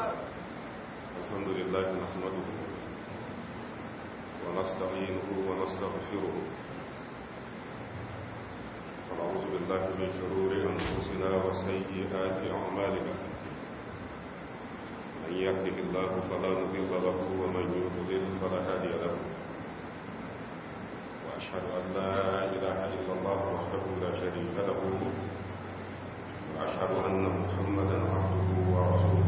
الحمد لله نحمده ونستعينه ونستغفره ونعوذ بالله من شرور أنفسنا وسيئات أعمالنا من يهده الله فلا نضل له ومن يضلل فلا هادي له وأشهد أن لا إله إلا الله وحده لا شريك له وأشهد أن محمدا عبده ورسوله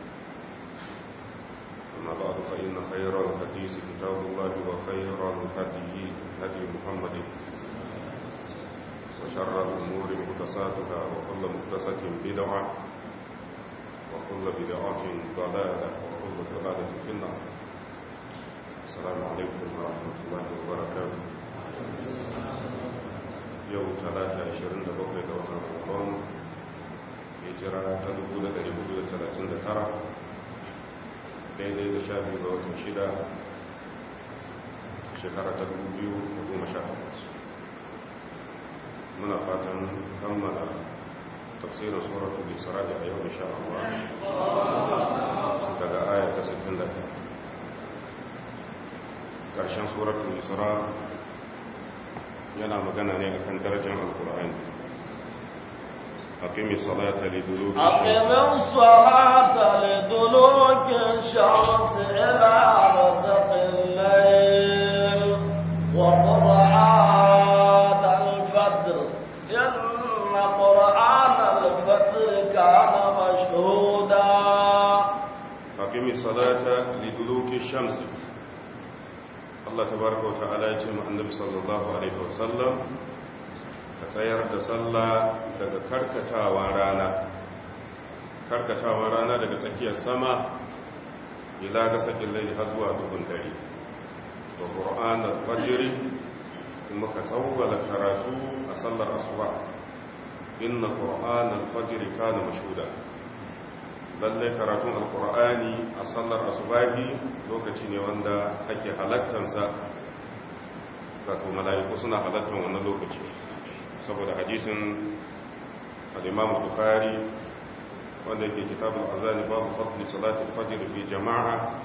أما بعد فإن خير الحديث كتاب الله وخير الهدي هدي محمد وشر الأمور مقتصاتها وكل مقتصة بدعة وكل بدعة ضلالة وكل ضلالة في النار السلام عليكم ورحمة الله وبركاته يوم 23 بقية وطن رمضان هجرة 1439 بين يدي الشعب يبقى تنشيدا شكرا تقوديو وهو مشاهد من أفاتن كمل تفسير صورة الإسراء اليوم إن شاء الله كذا آية كستين لك كعشان صورة الإسراء ينا مغنى نيكا كان درجة القرآن أقيم الصلاة لدلوك الشمس الصلاة لدلوك الشمس إلى غسق الليل وقرآن الفجر إن قرآن الفجر كان مشهودا أقم الصلاة لدلوك الشمس الله تبارك وتعالى يجمع النبي صلى الله عليه وسلم tsayar da sallah daga karkatawa rana karkatawa rana daga tsakiyar sama ila ga sakin lai har zuwa dubun dare da ƙur'an al-fajiri kuma tsawwala karatu a sallar asuba inna ƙur'an al-fajiri kana mashuda lalle karatun al a sallar bi lokaci ne wanda ake halattansa to mala'iku suna halattar wani lokaci saboda hadisin al-imam bukhari wanda yake kitabul azan babu fadli salati al-fajr fi jama'a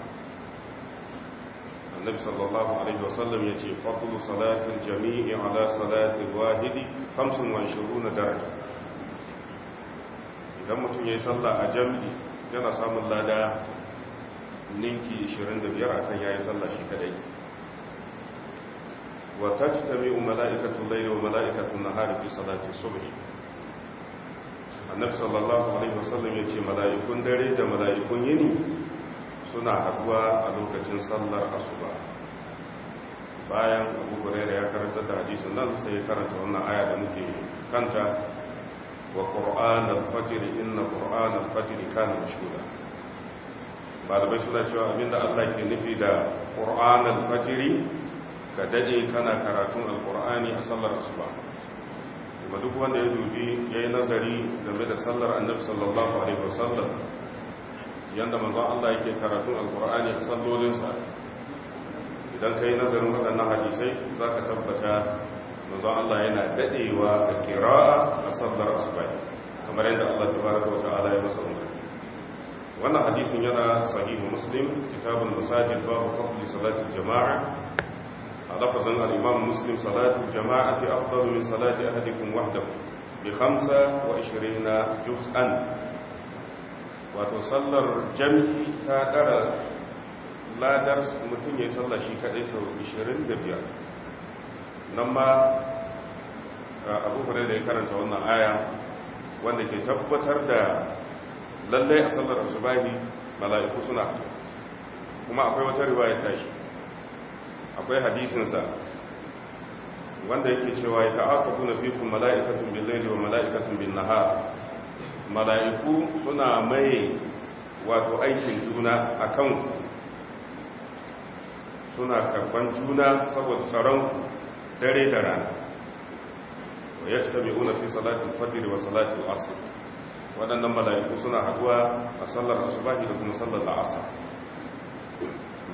annabi sallallahu alaihi wasallam yace fadlu salati al-jami'i ala salati wahidi 25 daraja idan mutum yayi sallah a jami'i yana samun lada ninki 25 akan yayi sallah shi kadai wa tajtami'u mala'ikatu layli wa mala'ikatu nahari fi salati subhi annabi sallallahu alaihi wasallam yace mala'ikun dare da mala'ikun yini suna haduwa a lokacin sallar asuba bayan Abu Hurairah ya karanta da hadisin nan sai ya karanta wannan aya da muke kanta wa Qur'an al-Fajr inna Qur'an al-Fajr kana mashhura malamai suna cewa abinda Allah ke nufi da Qur'an al-Fajr ka daje kana karatun alkur'ani a sallar asuba kuma duk wanda ya dubi ya yi nazari game da sallar annabi sallallahu alaihi wasallam yadda manzo Allah yake karatun alkur'ani a sallolinsa idan ka yi nazarin waɗannan hadisai za ka tabbata manzo Allah yana dadewa a kira'a a sallar asuba kamar yadda Allah tabaraka wa ta'ala ya masa umarni wannan hadisin yana sahihu muslim kitabul masajid babu fadli salati jama'a لفظا الإمام مسلم صلاة الجماعة أفضل من صلاة أحدكم وحده بخمسة وعشرين جزءا وتصلر جمعي تادر لا درس متن يصلى شي كدai da 25 nan ma Abu Hurairah ya karanta wannan aya wanda ke tabbatar da lallai a sallar asubahi mala'iku suna kuma akwai wata riwaya tashi akwai hadisinsa wanda yake cewa ya kuna fi kun mala'ikatun bin layli wa mala'ikatun bin nahar mala'iku suna mai wato aikin juna a kan suna karban juna saboda tsaron dare da rana wa ya mai fi salatin fadir wa salatin asir waɗannan mala'iku suna haduwa a sallar asubahi da kuma sallar la'asar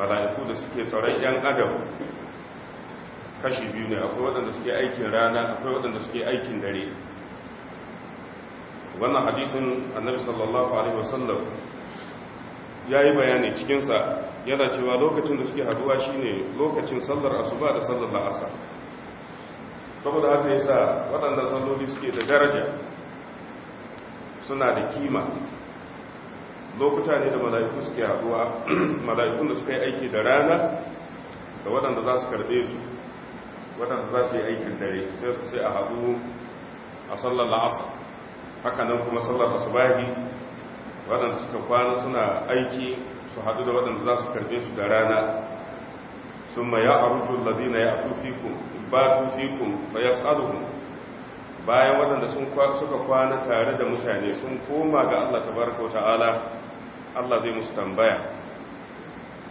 mala'iku da suke tsaron yan adam kashi biyu ne akwai waɗanda suke aikin rana akwai waɗanda suke aikin dare wannan hadisin annabi sallallahu alaihi wasallam ya yi bayani cikinsa yana cewa lokacin da suke haduwa shine lokacin sallar asuba da sallar la'asa saboda haka yasa waɗanda salloli suke da daraja suna da kima lokuta ne da mala'iku suke haɗuwa, mala'ikun da suka yi aiki da rana da waɗanda za su karɓe su waɗanda za su yi aikin dare sai a haɗu a sallar la'asa haka nan kuma sallar da su asubahi waɗanda suka kwana suna aiki su haɗu da waɗanda za su karɓe su da rana sun ma ya arujun lazina ya fi fikun ba fi kun fa ya tsaruhun bayan waɗanda suka kwana tare da mutane sun koma ga Allah tabaraka wata'ala Allah zai musu tambaya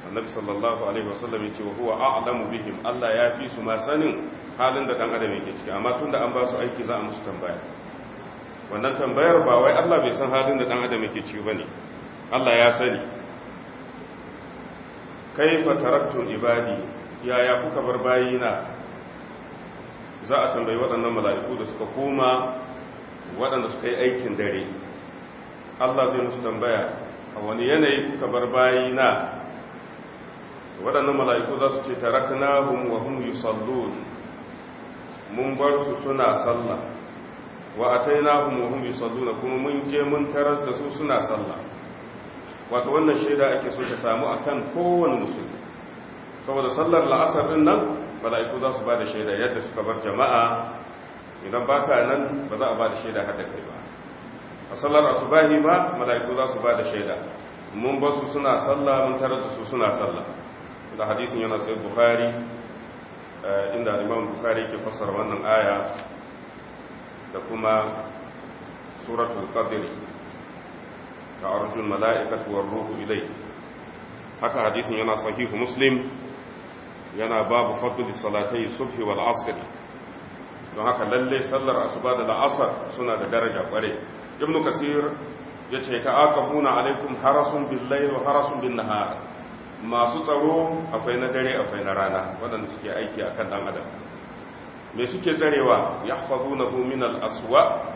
annabi sallallahu alaihi wasallam yace wa huwa a'lamu bihim Allah ya fi su ma sanin halin da dan adam yake ciki amma tunda an ba su aiki za a musu tambaya wannan tambayar ba wai Allah bai san halin da dan adam yake ciki bane Allah ya sani kaifa taraktu ibadi yaya kuka bar bayina za a tambayi waɗannan mala'iku da suka koma waɗanda suka yi aikin dare Allah zai musu tambaya a wani yanayi kuka bar bayi na waɗannan mala'iku za su ce tarakna hum wa hum yusallun mun bar su suna sallah wa atainahum wa hum yusalluna kuma mun je mun taras da su suna sallah wato wannan shaida ake so ta samu akan kowane musulmi saboda sallar la'asar din nan mala'iku za su ba da shaida yadda suka bar jama'a idan ba ka nan ba za a ba da shaida hada kai ba a sallar yi ba mala'iku za su ba da shaida mun ba su suna sallah mun tarar da su suna sallah da hadisin yana sai bukari eh, inda imam bukari ke fassara wannan aya da kuma suratul qadri ta arjun mala'ikatu war ruhu ilayhi haka hadisin yana sahihu muslim yana babu fadli salatai subhi wal asr don haka lalle sallar asuba da la'asar suna da daraja kware ibnu kasir yace ka aqamuna alaikum harasun bil layl wa harasun bin nahar masu tsaro akwai na dare akwai na rana wadanda suke aiki akan dan adam me suke tsarewa yahfazunahu min al aswa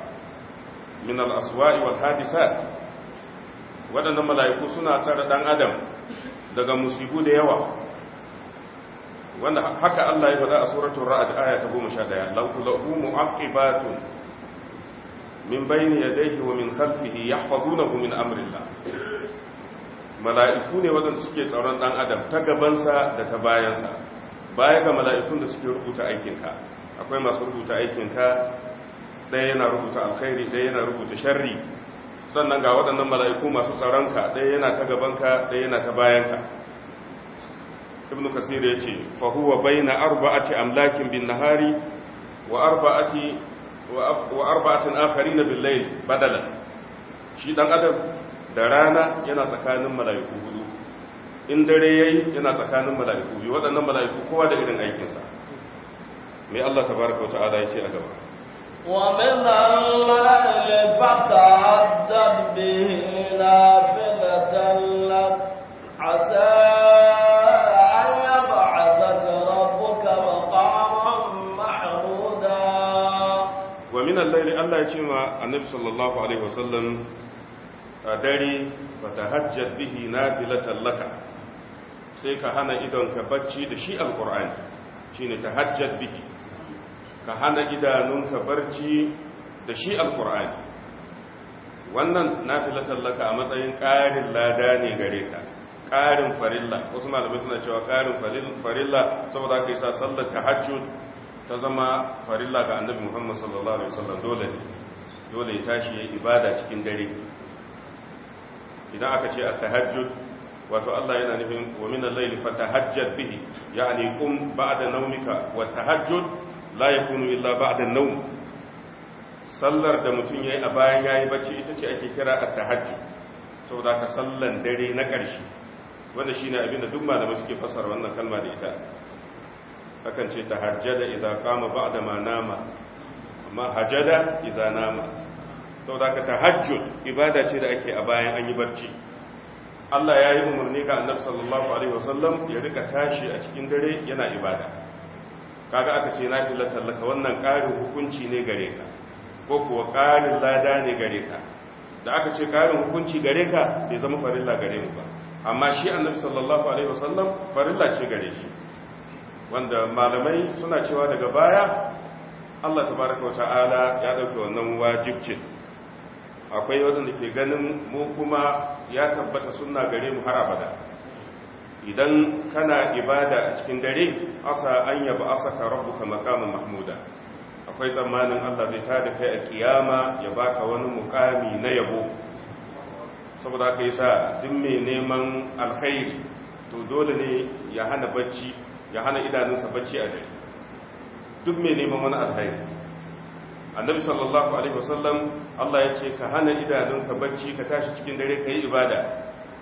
min al aswa wal hadisat wadannan mala'iku suna tsare dan adam daga musibu da yawa wannan haka Allah ya faɗa a suratul ra'd aya ta 11 lan kullu mu'aqibatun min bayni yadayhi wa min khalfihi yahfazunahu min amrillah mala'iku ne wadanda suke tsaron dan adam ta gabansa da ta bayansa baya ga mala'ikun da suke rubuta aikinka akwai masu rubuta aikinka ɗaya yana rubuta alkhairi ɗaya yana rubuta sharri sannan ga waɗannan mala'iku masu tsaron ka ɗaya yana ta gaban ka ɗaya yana ta bayan ka. ibn kasir ya ce fahuwa bai na arba'ati amlakin bin nahari wa arba'atin akari na billail badala shi dan adam da rana yana tsakanin mala'iku hudu in dare ya yi yana tsakanin mala'iku biyu waɗannan mala'iku kowa da irin aikinsa mai allah ta baraka wata ala ya ce a gaba ومن الليل فتعجب به نافلة لك عسى Allah ya ce ma annabi sallallahu alaihi wasallam a dare hajjar bihi na nafilatan laka sai ka hana idonka bacci da shi shi ne ta hajjar bihi ka hana idanunka barci da shi alqur'ani wannan na nafilatan laka a matsayin ƙarin lada ne gare ka ƙarin farilla wasu malamai suna cewa ƙarin farilla saboda aka yi sa sallar tahajjud ta zama farilla ga annabi muhammad sallallahu alaihi wasallam dole dole ya tashi ya ibada cikin dare idan aka ce at-tahajjud wato Allah yana nufin wa min al-layli fatahajjad bihi yani qum ba'da nawmika wa tahajjud la yakunu illa ba'da an-nawm sallar da mutum yayi a bayan yayi bacci ita ce ake kira at-tahajjud saboda ka sallan dare na ƙarshe wanda shine abinda duk malamai suke fassara wannan kalma da ita akan ce ta hajjada idan kama ba da ma nama amma hajjada idan nama sau da ka tahajjud ibada ce da ake a bayan an yi barci Allah ya yi umarni ga annabi sallallahu alaihi wasallam ya rika tashi a cikin dare yana ibada kaga aka ce na filatar tallaka wannan ƙarin hukunci ne gare ka ko kuwa ƙarin lada ne gare ka da aka ce ƙarin hukunci gare ka bai zama farilla gare mu ba amma shi annabi sallallahu alaihi wasallam farilla ce gare shi wanda malamai suna cewa daga baya Allah tabaraka wata'ala ya dauke wannan wajibcin akwai wanda ke ganin mu kuma ya tabbata suna gare mu har abada idan kana ibada a cikin dare asa an yaba asaka rabbuka maqaman mahmuda akwai tsammanin Allah zai tada kai a kiyama ya baka wani mukami na yabo saboda yi sa duk mai neman alkhairi to dole ne ya hana bacci ya hana idanunsa bacci a dare duk mai neman wani alhari annabi sallallahu alaihi wasallam Allah ya ce ka hana idanunka bacci ka tashi cikin dare ka yi ibada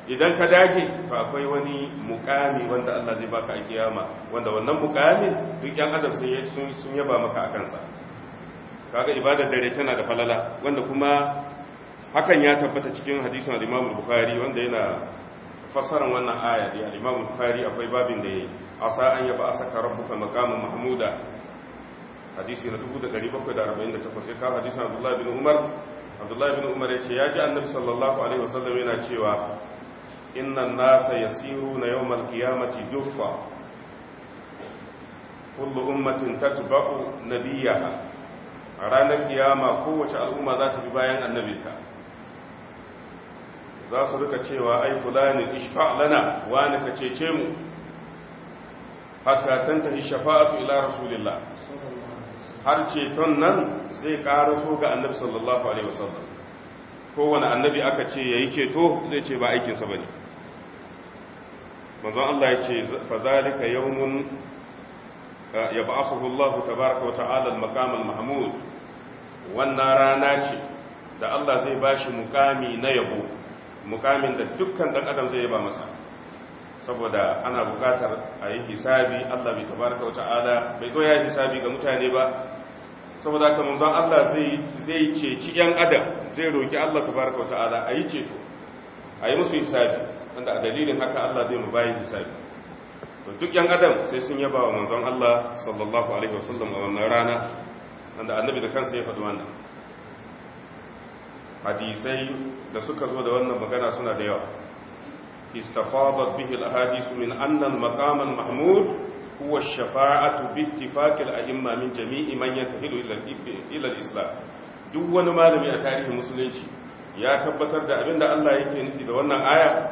idan ka dage to akwai wani mukami wanda Allah zai baka a kiyama wanda wannan mukami duk yan adam sun sun yaba maka a kansa kaga ibadar dare tana da falala wanda kuma hakan ya tabbata cikin hadisin al-Imam Bukhari wanda yana fassarar wannan aya da al-Imam Bukhari akwai babin da yayi asa an yaba asaka rabbuka maqama mahmuda hadisi na 1748 ya kawo hadisin abdullahi bin umar abdullahi bin umar ya ce ya ji annabi sallallahu alaihi wasallam yana cewa innan nasa yasiruna yawmal qiyamati juffa kullu ummatin tatba'u nabiyaha a ranar kiyama kowace al'umma za ta bi bayan annabinta za su rika cewa ai fulani ishfa lana wani ka cece mu hatta tantahi shafa'atu ila rasulillah har ceton nan zai karaso ga annabi sallallahu alaihi wasallam kowanne annabi aka ce yayi ceto zai ce ba aikin sa bane manzon Allah ya ce fa zalika yawmun yab'athuhu Allah tabaaraka wa al-maqam al-mahmud wannan rana ce da Allah zai bashi mukami na yabo mukamin da dukkan dan adam zai yaba masa saboda ana bukatar a yi hisabi Allah bai wata ala bai zo ya yi hisabi ga mutane ba saboda haka manzon Allah zai ceci yan adam zai roki Allah wata ala a yi ceto a yi musu hisabi wanda a dalilin haka Allah zai mu bayan hisabi to duk yan adam sai sun yaba wa manzon Allah sallallahu alaihi wasallam a wannan rana wanda annabi da kansa ya faɗi wannan hadisai da suka zo da wannan magana suna da yawa استفاضت به الأحاديث من أن المقام المحمود هو الشفاعة باتفاق الأئمة من جميع من يتهل إلى الإسلام duk wani malami a tarihin musulunci ya tabbatar da abinda Allah yake nufi da wannan aya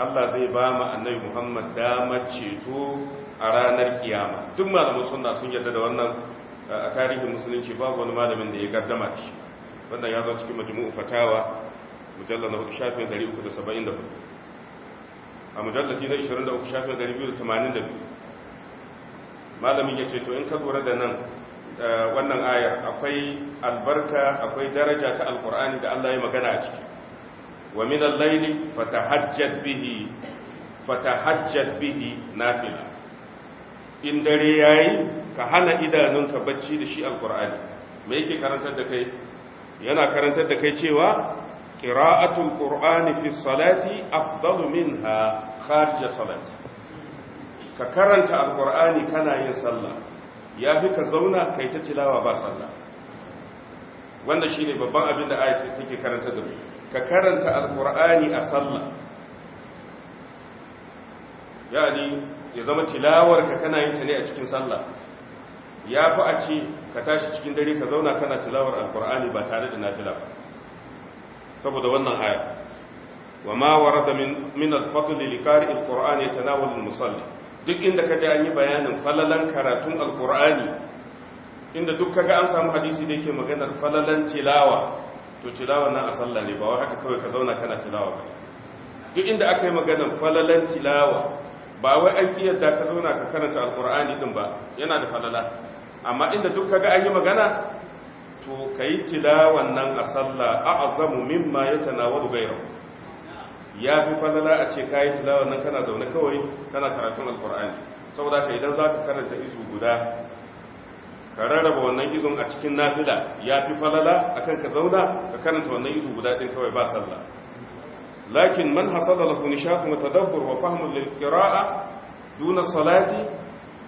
Allah zai ba mu annabi Muhammad damar ceto a ranar kiyama duk malamin suna sun yarda da wannan a tarihin musulunci babu wani malamin da ya gardama shi wannan ya zo cikin majmu'u fatawa mujallal na 374 a mujallati na 23 shafin 282 malamin ya ce to in ka lura da nan eh, wannan ayar akwai albarka akwai daraja ta alkur'ani da Allah ya magana a ciki wa min al-layli fatahajjat bihi fatahajjat bihi nafila in dare yayi ka hana idanunka bacci da shi alkur'ani me yake karantar da kai yana karantar da kai cewa قراءة القرآن في الصلاة أفضل منها خارج الصلاة ككرنت القرآن كان يصلى يا فيك زونا كي تتلاوى بصلى wanda shi ne babban abin da ayat take karanta da ka karanta alkur'ani a sallah yani ya zama tilawar ka kana yin ta ne a cikin sallah ya fi a ce ka tashi cikin dare ka zauna kana tilawar alkur'ani ba tare da nafila ba saboda wannan aya wa ma warada min al-fadl li qari al-qur'an yatanawal al-musalli duk inda ji an yi bayanin falalan karatun al-qur'ani inda duk kaga an samu hadisi da yake maganar falalan tilawa to tilawa na a sallah ne ba wai haka kawai ka zauna kana tilawa ba duk inda aka yi maganar falalan tilawa ba wai an kiyarda ka zauna ka karanta al-qur'ani din ba yana da falala amma inda duk kaga an yi magana to ka yi tilawan nan a sallah a azamu mimma ya tanawar gairau ya fi falala a ce ka yi tilawan nan kana zaune kawai kana karatun alkur'ani saboda ka idan za ka karanta izu guda ka rarraba wannan izun a cikin nafila ya fi falala akan ka zauna ka karanta wannan izu guda ɗin kawai ba sallah lakin man hasada lahu nishaqu tadabbur wa fahmu lil qira'a duna salati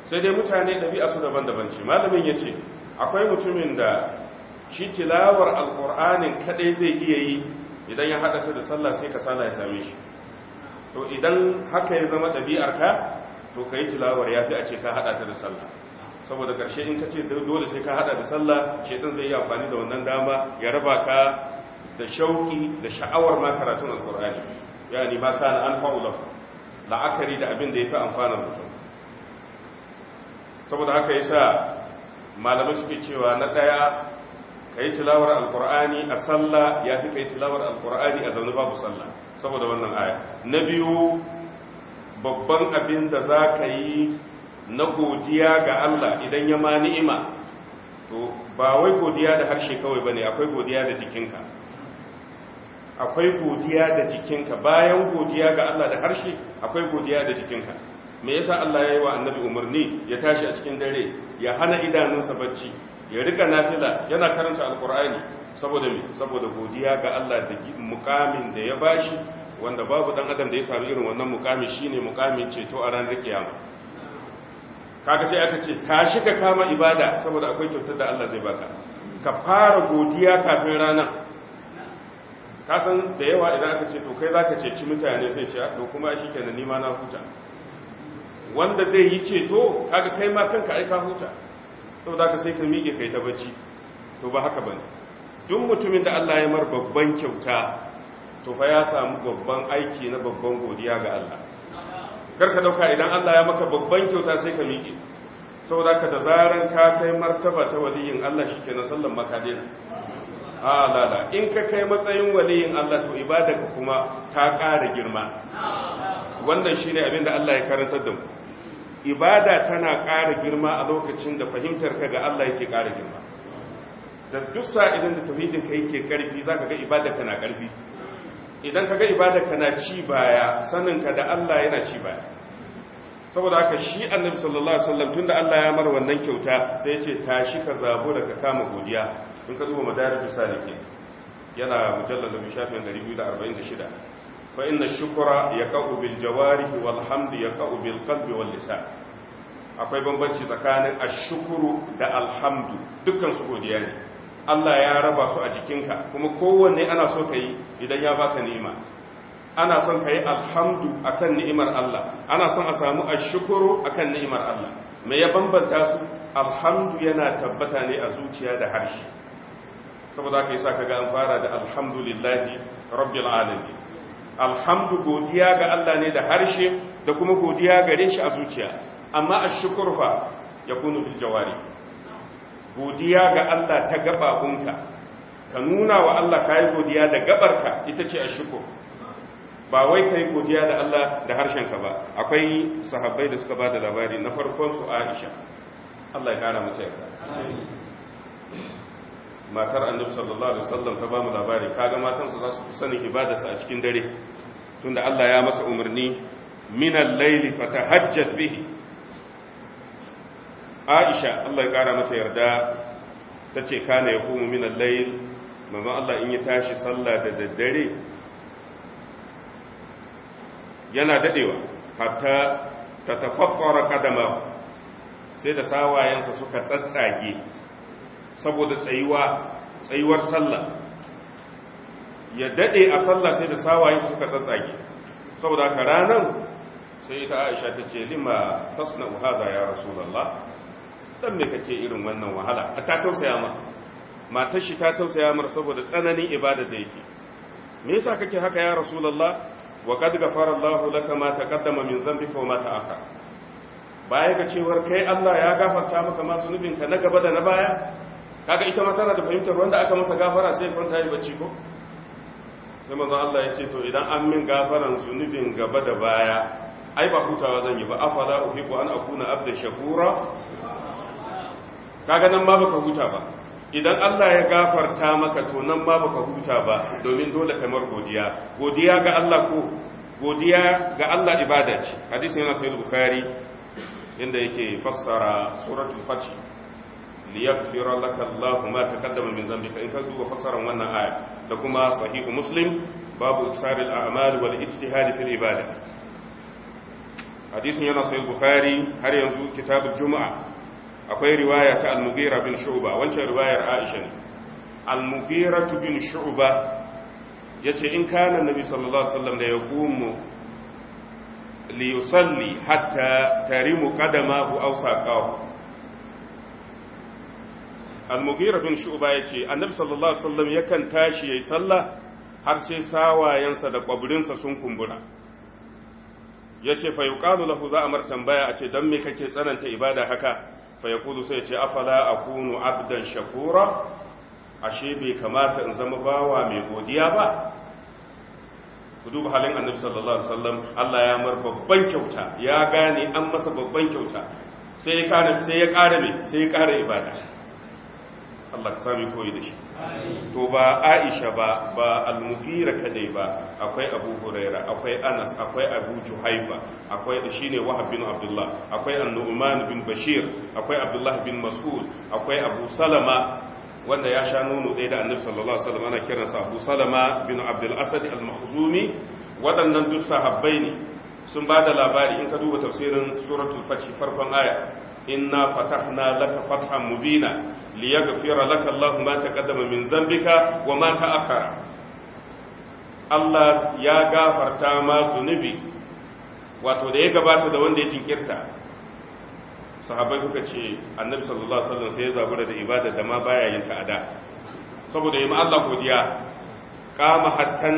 sai dai mutane ɗabi'a su daban-daban ce malamin yace akwai mutumin da shi tilawar alƙur'anin kaɗai zai iya yi idan ya haɗata da sallah sai ka sala ya same shi to idan haka ya zama ka, to ka yi tilawar ya fi a ce ka haɗata da sallah saboda ƙarshe in ka ce dole sai ka haɗa da sallah shaitan zai yi amfani da wannan dama ya raba ka da shauki da sha'awar makaratun karatun alƙur'ani yani ma kana an fa'ula la'akari da abin da ya fi amfanar mutum saboda haka ya sa, malamai suke cewa na ɗaya ka yi tilawar alkur'ani a sallah ya fi ka yi tilawar alkur'ani a zaune babu sallah saboda wannan aya na biyu babban abin da za ka yi na godiya ga Allah idan ya ma ni'ima to ba wai godiya da harshe kawai ba ne. akwai godiya da jikinka akwai godiya da jikinka bayan godiya ga Allah da harshe akwai godiya da jikinka me yasa Allah ya yi wa annabi umarni ya tashi a cikin dare ya hana idanunsa bacci ya rika nafila yana karanta alkur'ani saboda me saboda godiya ga Allah da mukamin da ya bashi wanda babu dan adam da ya samu irin wannan mukami shine mukamin ceto a ranar kiyama kaga sai aka ce tashi ka kama ibada saboda akwai kyautar da Allah zai baka ka fara godiya kafin ka kasan da yawa idan aka ce to kai zaka ceci mutane sai ce ah, to kuma shikenan nima na huta wanda zai yi ceto kaga kai ma kanka ai ka huta saboda ka sai ka miƙe kai ta bacci to ba haka bane duk mutumin da Allah ya mar babban kyauta to fa ya samu babban aiki na babban godiya ga Allah kar ka dauka idan Allah ya maka babban kyauta sai ka miƙe saboda ka da zaran ka kai martaba ta waliyin Allah shikenan sallan maka dena la lala in ka kai matsayin waliyin Allah to ibadarka kuma ta ƙara girma wannan shine abin da Allah ya karantar da mu ibada tana ƙara girma a lokacin da fahimtar ka ga Allah yake ƙara girma da duk idan da tafiɗin ka yake ƙarfi za ka ga ibada kana ƙarfi idan ka ga ibada kana ci baya sanin ka da Allah yana ci baya saboda haka shi annabi sallallahu alaihi wasallam tunda Allah ya mar wannan kyauta sai ya ce tashi ka zabo ka kama godiya in ka zuwa madarijus salikin yana mujallal da shafin fa inna shukra ya bil jawarihi wal hamdu bil qalbi akwai bambanci tsakanin ashukuru da alhamdu dukkan su godiya ne Allah ya raba su a jikinka kuma kowanne ana so ka idan ya baka ni'ima ana son ka yi alhamdu akan ni'imar Allah ana son a samu ashukuru akan ni'imar Allah me ya bambanta su alhamdu yana tabbata ne a zuciya da harshe saboda haka yasa kaga an fara da alhamdulillahi rabbil alamin alhamdu godiya ga Allah ne da harshe da kuma godiya gare shi a zuciya amma ashkur fa kunu bil jawari godiya ga Allah ta gabakunka ka nuna wa Allah kai godiya da gabarka ita ce ashkur ba wai ka yi godiya da Allah da harshenka ba akwai sahabbai da suka ba da labari na farkon su Aisha Allah ya kara mace yarda matar annabi sallallahu alaihi wasallam ta ba mu labari kaga matansa za su fi sanin ibadarsa a cikin dare tunda Allah ya masa umarni minal laili fatahajjat bihi Aisha Allah ya kara mata yarda tace kana yaqumu minal layl mamma Allah in ya tashi sallah da daddare yana dadewa hatta tatafakkara kadama sai da sawayensa suka tsatsage saboda tsayuwa tsayuwar sallah ya dade a sallah sai da sawaye suka tsatsage saboda haka ranan sai ta Aisha ta ce lima tasna hadha ya rasulullah dan me kake irin wannan wahala ta tausaya ma matar shi ta tausaya mar saboda tsananin ibada da yake me yasa kake haka ya rasulullah wa qad ghafara Allahu laka ma taqaddama min dhanbika wa ma ta'akhkhara baya ga cewar kai Allah ya gafarta maka ma zunubinka na gaba da na baya kaga ita ma tana da fahimtar wanda aka masa gafara sai kwanta yi bacci ko sai manzon Allah ya ce to idan an min gafaran zunubin gaba da baya ai ba hutawa zan yi ba afala uhibbu an akuna abda shakura kaga nan ma baka huta ba idan Allah ya gafarta maka to nan ma baka huta ba domin dole kamar godiya godiya ga Allah ko godiya ga Allah ibada ce hadisi yana sahih bukhari inda yake fassara suratul fatih liyaghfira laka Allah ma taqaddama min dhanbika in ka duba fasaran wannan aya da kuma sahihu muslim babu iksar al-a'mal wal ijtihad fil ibada hadisin yana sahih bukhari har yanzu kitabul juma'a akwai riwaya ta al-mughira bin shu'ba wancan riwayar aisha ne al-mughira bin shu'ba yace in kana nabi sallallahu alaihi wasallam da yaqumu li yusalli hatta tarimu qadamahu aw saqahu al-mughira bin shu'ba yace annabi sallallahu alaihi wasallam yakan tashi yayi sallah har sai sawayensa da kwaburinsa sun kumbura yace fa yuqalu lahu za amar tambaya a ce dan me kake tsananta ibada haka fa yaqulu sai yace afala akunu abdan shakura ashe bai kamata in zama bawa mai godiya ba ku duba halin annabi sallallahu alaihi wasallam Allah ya mar babban kyauta ya gane an masa babban kyauta sai ya kare sai ya kare sai ya kare ibada Allah ka sami koyi da shi to ba Aisha ba ba al-Mughira kadai ba akwai Abu Huraira akwai Anas akwai Abu Juhaifa akwai shine Wahab bin Abdullah akwai An-Nu'man bin Bashir akwai Abdullah bin Mas'ud akwai Abu Salama wanda ya sha nono ɗaya da Annabi sallallahu alaihi wasallam ana Abu Salama bin Abdul Asad al-Makhzumi waɗannan duk sahabbai ne sun ba da labari in ka duba tafsirin suratul fath farkon aya inna fatahna laka fathan mubina liyaghfira laka Allahu ma taqaddama min zambika wa ma ta'akhkhara Allah ya gafarta ma zunubi wato da ya gabata da wanda ya jinkirta sahabbai kuka ce annabi sallallahu alaihi wasallam sai ya zabura da ibada da ma baya yin ta'ada saboda yi Allah godiya kama hattan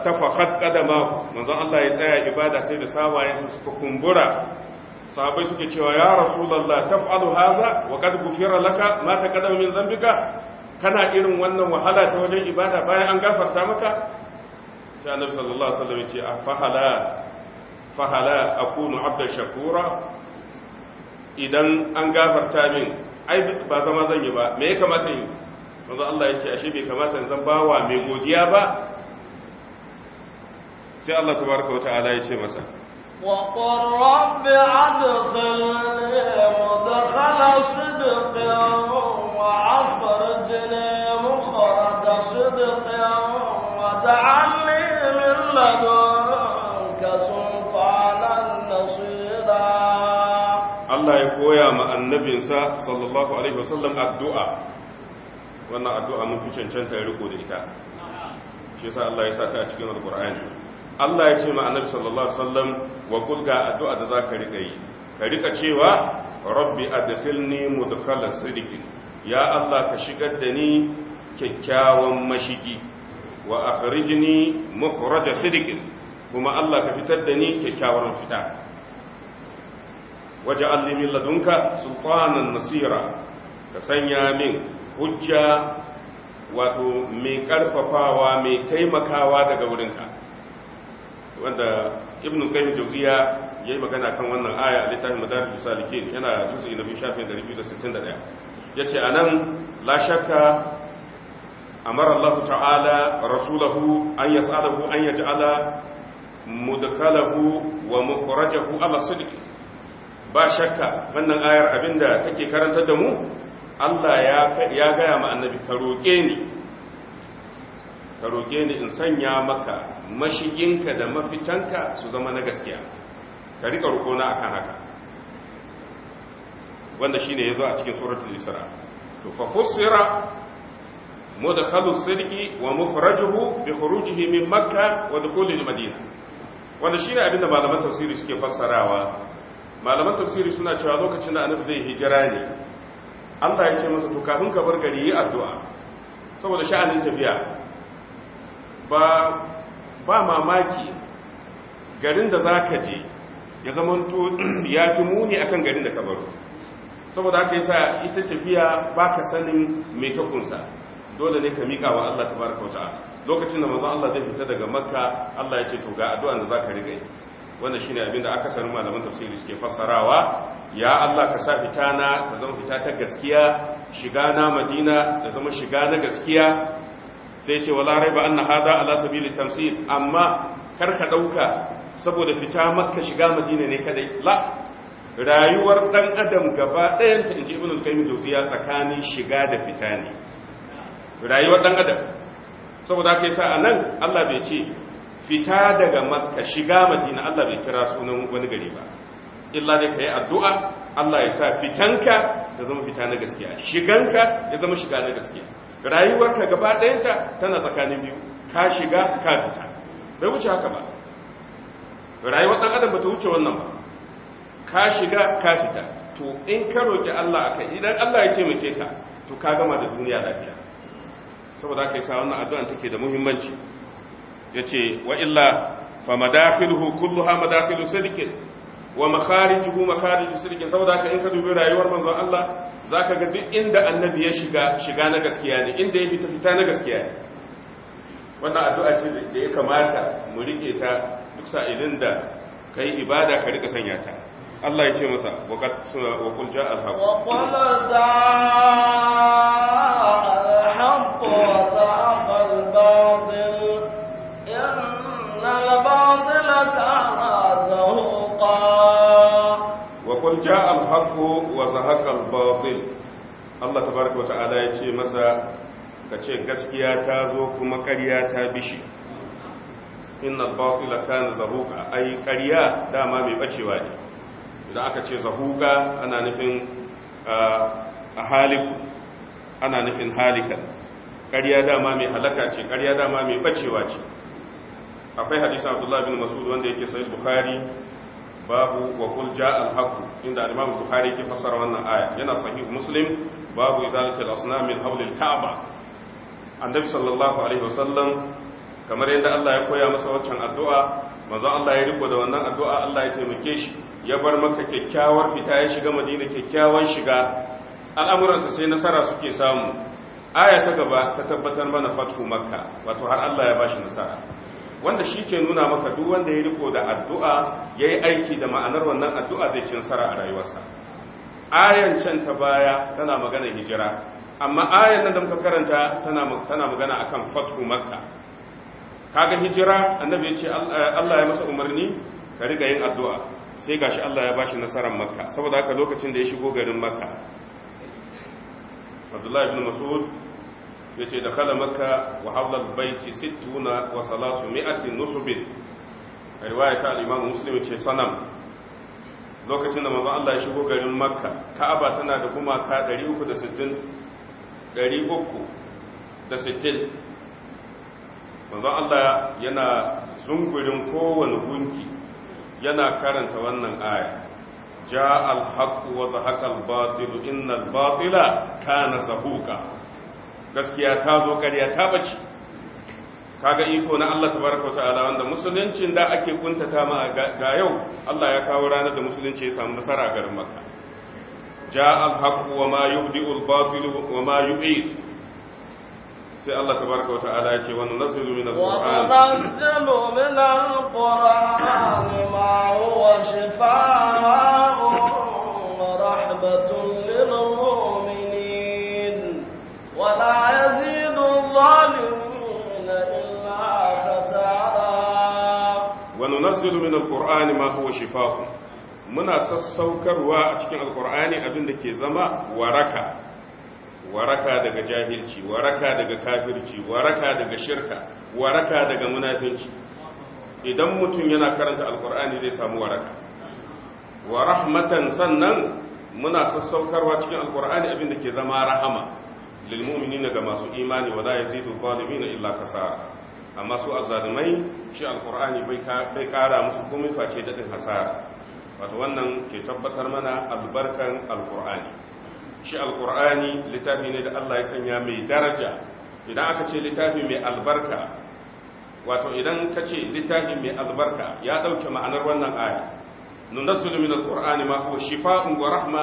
tafakhat qadama manzon Allah ya tsaya ibada sai da sawayensa suka kumbura sahabbai suke cewa ya rasulullah taf'alu haza wa qad ghufira laka ma taqaddama min zambika kana irin wannan wahala ta wajen ibada bayan an gafarta maka sai annabi sallallahu alaihi wasallam ya a fahala fahala akunu abdan shakura idan an gafarta min ai ba zama zan yi ba me ya kamata yi manzo Allah ya ce ashe bai kamata zan bawa mai godiya ba sai Allah tabaraka wa ta'ala ya ce masa وقل رب أدخلني مدخل صدق وعفرجني مخرج صدق واجعلني من لدنك سلطانا نصيرا الله يقويا مع النبي صلى الله عليه وسلم الدعاء wannan addu'a mun fi cancanta ya riko da ita shi sa Allah ya sa a cikin alƙur'ani Allah ya ce ma annabi sallallahu alaihi wasallam wa kul addu'a da zaka rika yi ka rika cewa rabbi adkhilni mudkhala sidqi ya Allah ka shigar da ni kyakkyawan mashigi wa akhrijni mukhraja sidiki kuma Allah ka fitar da ni kyakkyawar fita waje li min ladunka sultanan nasira ka sanya min hujja wato mai ƙarfafawa, mai taimakawa daga wurinka wanda ibn qayyim jawziya yayi magana kan wannan aya a littafin madarij salikin yana juz'i na 261 yace anan la shakka amara Allah ta'ala rasulahu an yas'alahu an yaj'ala mudkhalahu wa mukhrajahu ala sidq ba shakka wannan ayar abinda take karantar da mu Allah ya gaya ma annabi ka roƙe ni ka roƙe ni in sanya maka mashiginka da mafitanka su zama na gaskiya ka rika rukona akan haka wanda shine yazo a cikin suratul isra to fa fusira mudkhalu sirki wa mukhrajuhu bi khurujihi min makka wa dukhuli al madina wanda shine abinda malaman tafsiri suke fassarawa malaman tafsiri suna cewa lokacin da annabi zai hijira ne Allah ya ce masa to kafin ka bar gari yi addu'a saboda sha'anin tafiya ba ba mamaki garin da za ka je ya zamanto ya fi muni a kan garin da ka baro saboda aka yi sa ita tafiya ba ka sanin mai takunsa dole ne ka mika wa Allah ta wa kauta lokacin da mazu Allah zai fita daga Makka Allah ya ce to ga addu'an da zaka riga yi wanda shine abin da aka sanu malaman tafsiri suke fassarawa ya Allah ka sa fitana ka zama fita ta gaskiya shiga na Madina da zama shiga na gaskiya sai ce wala raiba anna hada ala sabili tamsil amma kar ka dauka saboda fita makka shiga madina ne kadai la rayuwar dan adam gaba ɗayan ta inji ibnu al jawziya tsakanin shiga da fita ne rayuwar dan adam saboda haka sa anan Allah bai ce fita daga makka shiga madina Allah bai kira sunan wani gari ba illa dai ka yi addu'a Allah ya sa fitanka ya zama fita na gaskiya shiganka ya zama shiga na gaskiya rayuwarka gaba ɗayanta tana tsakanin biyu ka shiga ka fita bai wuce haka ba rayuwar ɗan adam ba ta wuce wannan ba ka shiga ka fita to in ka roƙi Allah a kai idan Allah ya taimake ka to ka gama da duniya lafiya saboda aka yi sa wannan addu'an take da muhimmanci ya ce wa illa fa madakhiluhu kulluha madakhilu sadiqin wa makharijuhu makhariju sadiqin saboda aka in ka dubi rayuwar manzon Allah za ka ga duk inda annabi ya shiga shiga na gaskiya ne inda ya fita fita na gaskiya ne wannan addu'a ce da ya kamata mu rike ta duk sa'ilin da ka yi ibada ka rika sanya ta Allah ya ce masa wa qul ja'a kun ja alhaku wa zahakal batil Allah tabaraka wata'ala yake masa kace gaskiya ta zo kuma ƙarya ta bishi innal batila kana zahuka ai ƙarya dama mai bacewa ne idan aka ce zahuka ana nufin a halik ana nufin halikan ƙarya dama mai halaka ce ƙarya dama mai bacewa ce akwai hadisi Abdullah bin Mas'ud wanda yake sahih Bukhari babu wa qul jaa inda al-imam bukhari ke fassara wannan aya yana sahih muslim babu izalati al-asnam min hawl al-ka'ba annabi sallallahu alaihi sallam kamar yadda Allah ya koya masa waccan addu'a manzo Allah ya riko da wannan addu'a Allah ya taimake shi ya bar maka kyakkyawar fita ya shiga madina kyakkyawan shiga al'amuransa sai nasara suke samu aya ta gaba ta tabbatar mana fatu makka wato har Allah ya bashi nasara wanda shi ke nuna maka duk wanda ya riko da addu'a ya yi aiki da ma'anar wannan addu'a zai ci nasara a rayuwarsa ayan can ta baya tana magana hijira amma ayan nan da muka karanta tana magana akan fatu makka kaga hijira annabi ya ce Allah ya masa umarni ka riga yin addu'a sai gashi Allah ya bashi nasarar makka saboda haka lokacin da ya shigo garin makka Abdullahi bin Mas'ud yace da kala makka wa hawlal baiti sittuna wa salasu mi'atin nusubin riwaya ta al-imam muslim ce sanam lokacin da manzon Allah ya shigo garin makka ka'aba tana da gumaka 360 360 maza Allah yana zungurin kowane gunki yana karanta wannan aya ja al-haqq wa zahaqa al inna al-batila kana sahuqa gaskiya ta zo ƙarya ta bace kaga iko na Allah tabaraka ta'ala wanda musuluncin da ake kuntata ma ga yau Allah ya kawo ranar da musulunci ya samu nasara a garin Makka ja'a al-haqq wa ma yubdi'u al-batil wa ma yu'id sai Allah tabaraka wa ta'ala ya ce wa nunzilu min al-qur'an nunazzilu min alqur'ani ma huwa shifaa'un muna sassaukarwa a cikin alqur'ani abin da ke zama waraka waraka daga jahilci waraka daga kafirci waraka daga shirka waraka daga munafinci idan mutum yana karanta alqur'ani zai samu waraka wa rahmatan sannan muna sassaukarwa cikin alqur'ani abin da ke zama rahama lil mu'minina ga masu imani wa la yazidu zalimin illa kasara amma su azzalumai shi alkur'ani bai kara musu komai face daɗin hasara wato wannan ke tabbatar mana albarkan alkur'ani shi alkur'ani littafi ne da Allah ya sanya mai daraja idan aka ce littafi mai albarka wato idan ka ce littafi mai albarka ya ɗauke ma'anar wannan aya nunazzilu min alqur'ani ma huwa shifaa'un wa rahma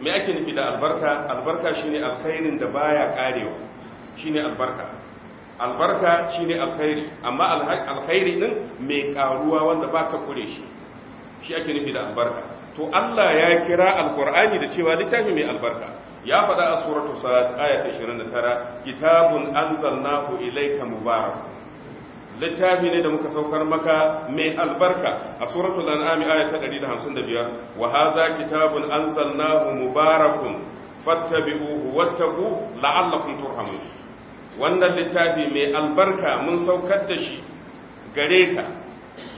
me ake nufi da albarka albarka shine alkhairin da baya karewa shine albarka albarka shi ne alkhairi amma alkhairi din mai karuwa wanda baka kure shi shi ake nufi da albarka to Allah ya kira alkur'ani da cewa littafi mai albarka ya faɗa a suratu sa'ad aya 29 kitabun anzalnahu ilayka mubarak littafi ne da muka saukar maka mai albarka a al an'am aya ta 155 wa hadha kitabun anzalnahu mubarakun fattabi'uhu wattaqu la'allakum turhamun wannan littafi mai albarka mun saukar da shi gare ka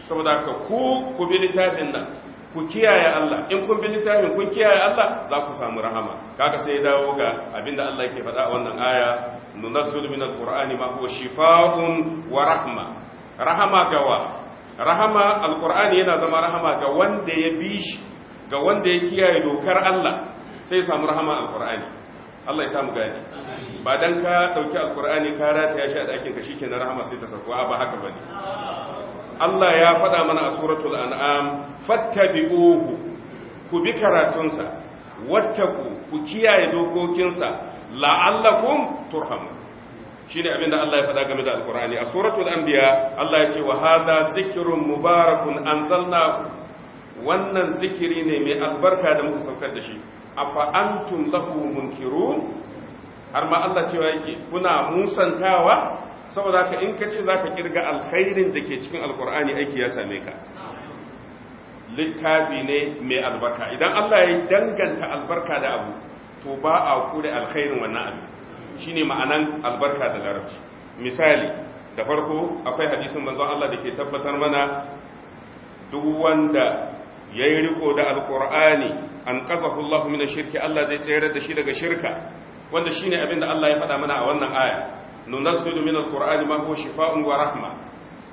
saboda ka ku ku bi littafin nan ku kiyaye Allah in kun bi littafin kun kiyaye Allah za ku samu rahama kaga sai dawo ga abinda Allah yake faɗa a wannan aya nunazzul min qur'ani ma huwa shifaa'un wa rahma rahama gawa rahama alqur'ani yana zama rahama ga wanda ya bi shi ga wanda ya kiyaye dokar Allah sai samu rahama alqur'ani Allah ya samu gani ba dan ka dauki alkur'ani ka rata ya shi a dakin ka na rahama sai ta sauko ba haka bane Allah ya faɗa mana a suratul an'am fattabi'uhu ku bi karatunsa wattaku ku kiyaye dokokinsa la'allakum turhamun shine abin da Allah ya faɗa game da alkur'ani a suratul anbiya Allah ya ce wa hadha zikrun mubarakun anzalna wannan zikiri ne mai albarka da muka saukar da shi afa antum lahu munkirun har ma Allah cewa yake kuna musantawa saboda ka in kace zaka kirga alkhairin dake cikin alqur'ani aiki ya same ka littafi ne mai albarka idan Allah ya danganta albarka da abu to ba a kure alkhairin wannan abu shine ma'anan albarka da larabci misali da farko akwai hadisin manzon Allah dake tabbatar mana duk wanda yayi riko da alkur'ani an ƙasa Allah min shirki Allah zai tsayar da shi daga shirka wanda shine abin da Allah ya faɗa mana a wannan aya nunazzilu min alqur'ani ma huwa shifaa'un wa rahma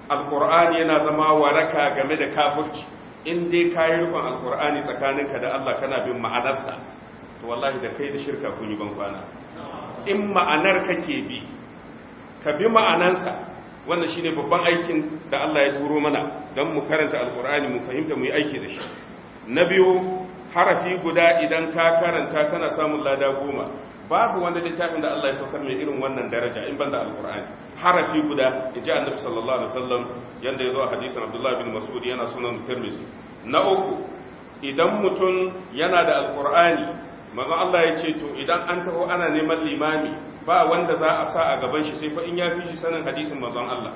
alkur'ani yana zama waraka game da kafurci. in dai kayi rikon alkur'ani tsakaninka da Allah kana bin ma'anarsa to wallahi da kai da shirka kun yi ban kwana in ma'anar kake bi ka bi ma'anarsa. wannan shine babban aikin da Allah ya turo mana don mu karanta alkur'ani mu fahimta mu yi aiki da shi na biyu harafi guda idan ka karanta kana samun lada goma babu wanda littafin da Allah ya saukar mai irin wannan daraja in banda alkur'ani harafi guda in ji annabi sallallahu alaihi wasallam yanda ya zo a hadisin abdullahi bin mas'ud yana sunan tirmidhi na uku idan mutum yana da alkur'ani manzo Allah ya ce to idan an taho ana neman limami ba wanda za a sa a gaban shi sai fa in ya fi shi sanin hadisin manzon Allah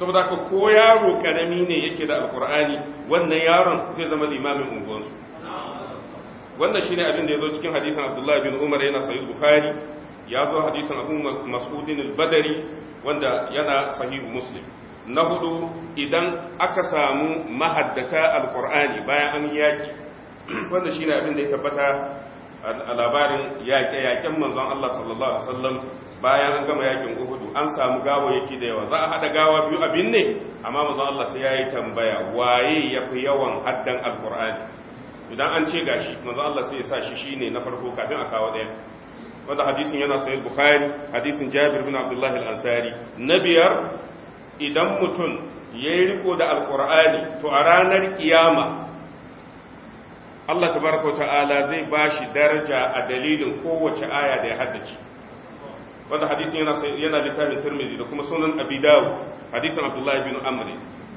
saboda ka ko yaro karami ne yake da alkur'ani wannan yaron zai zama limamin unguwansu wannan ne abin da ya zo cikin hadisin abdullahi bin umar yana sahih bukhari ya zo hadisin abu mas'udin badari wanda yana sahih muslim na hudu idan aka samu mahaddata alkur'ani bayan an yaki wanda ne abin da ya tabbata a labarin yaƙe-yaƙen manzon Allah sallallahu alaihi wasallam bayan an gama yakin Uhudu an samu gawayyaki da yawa za a haɗa gawa biyu abin ne amma manzon Allah sai yayi tambaya waye ya fi yawan haddan alqur'ani idan an ce shi, manzon Allah sai ya sa shi shine na farko kafin a kawo ɗaya. wanda hadisin yana sahih bukhari hadisin Jabir bin Abdullahi al-Ansari na biyar idan mutum yayi riko da alqur'ani to a ranar kiyama Allah tabaraka wa ta'ala zai bashi daraja a dalilin kowace aya da ya haddace wanda hadisin yana yana littafin Tirmidhi da kuma sunan Abi Dawud hadisin Abdullah ibn Amr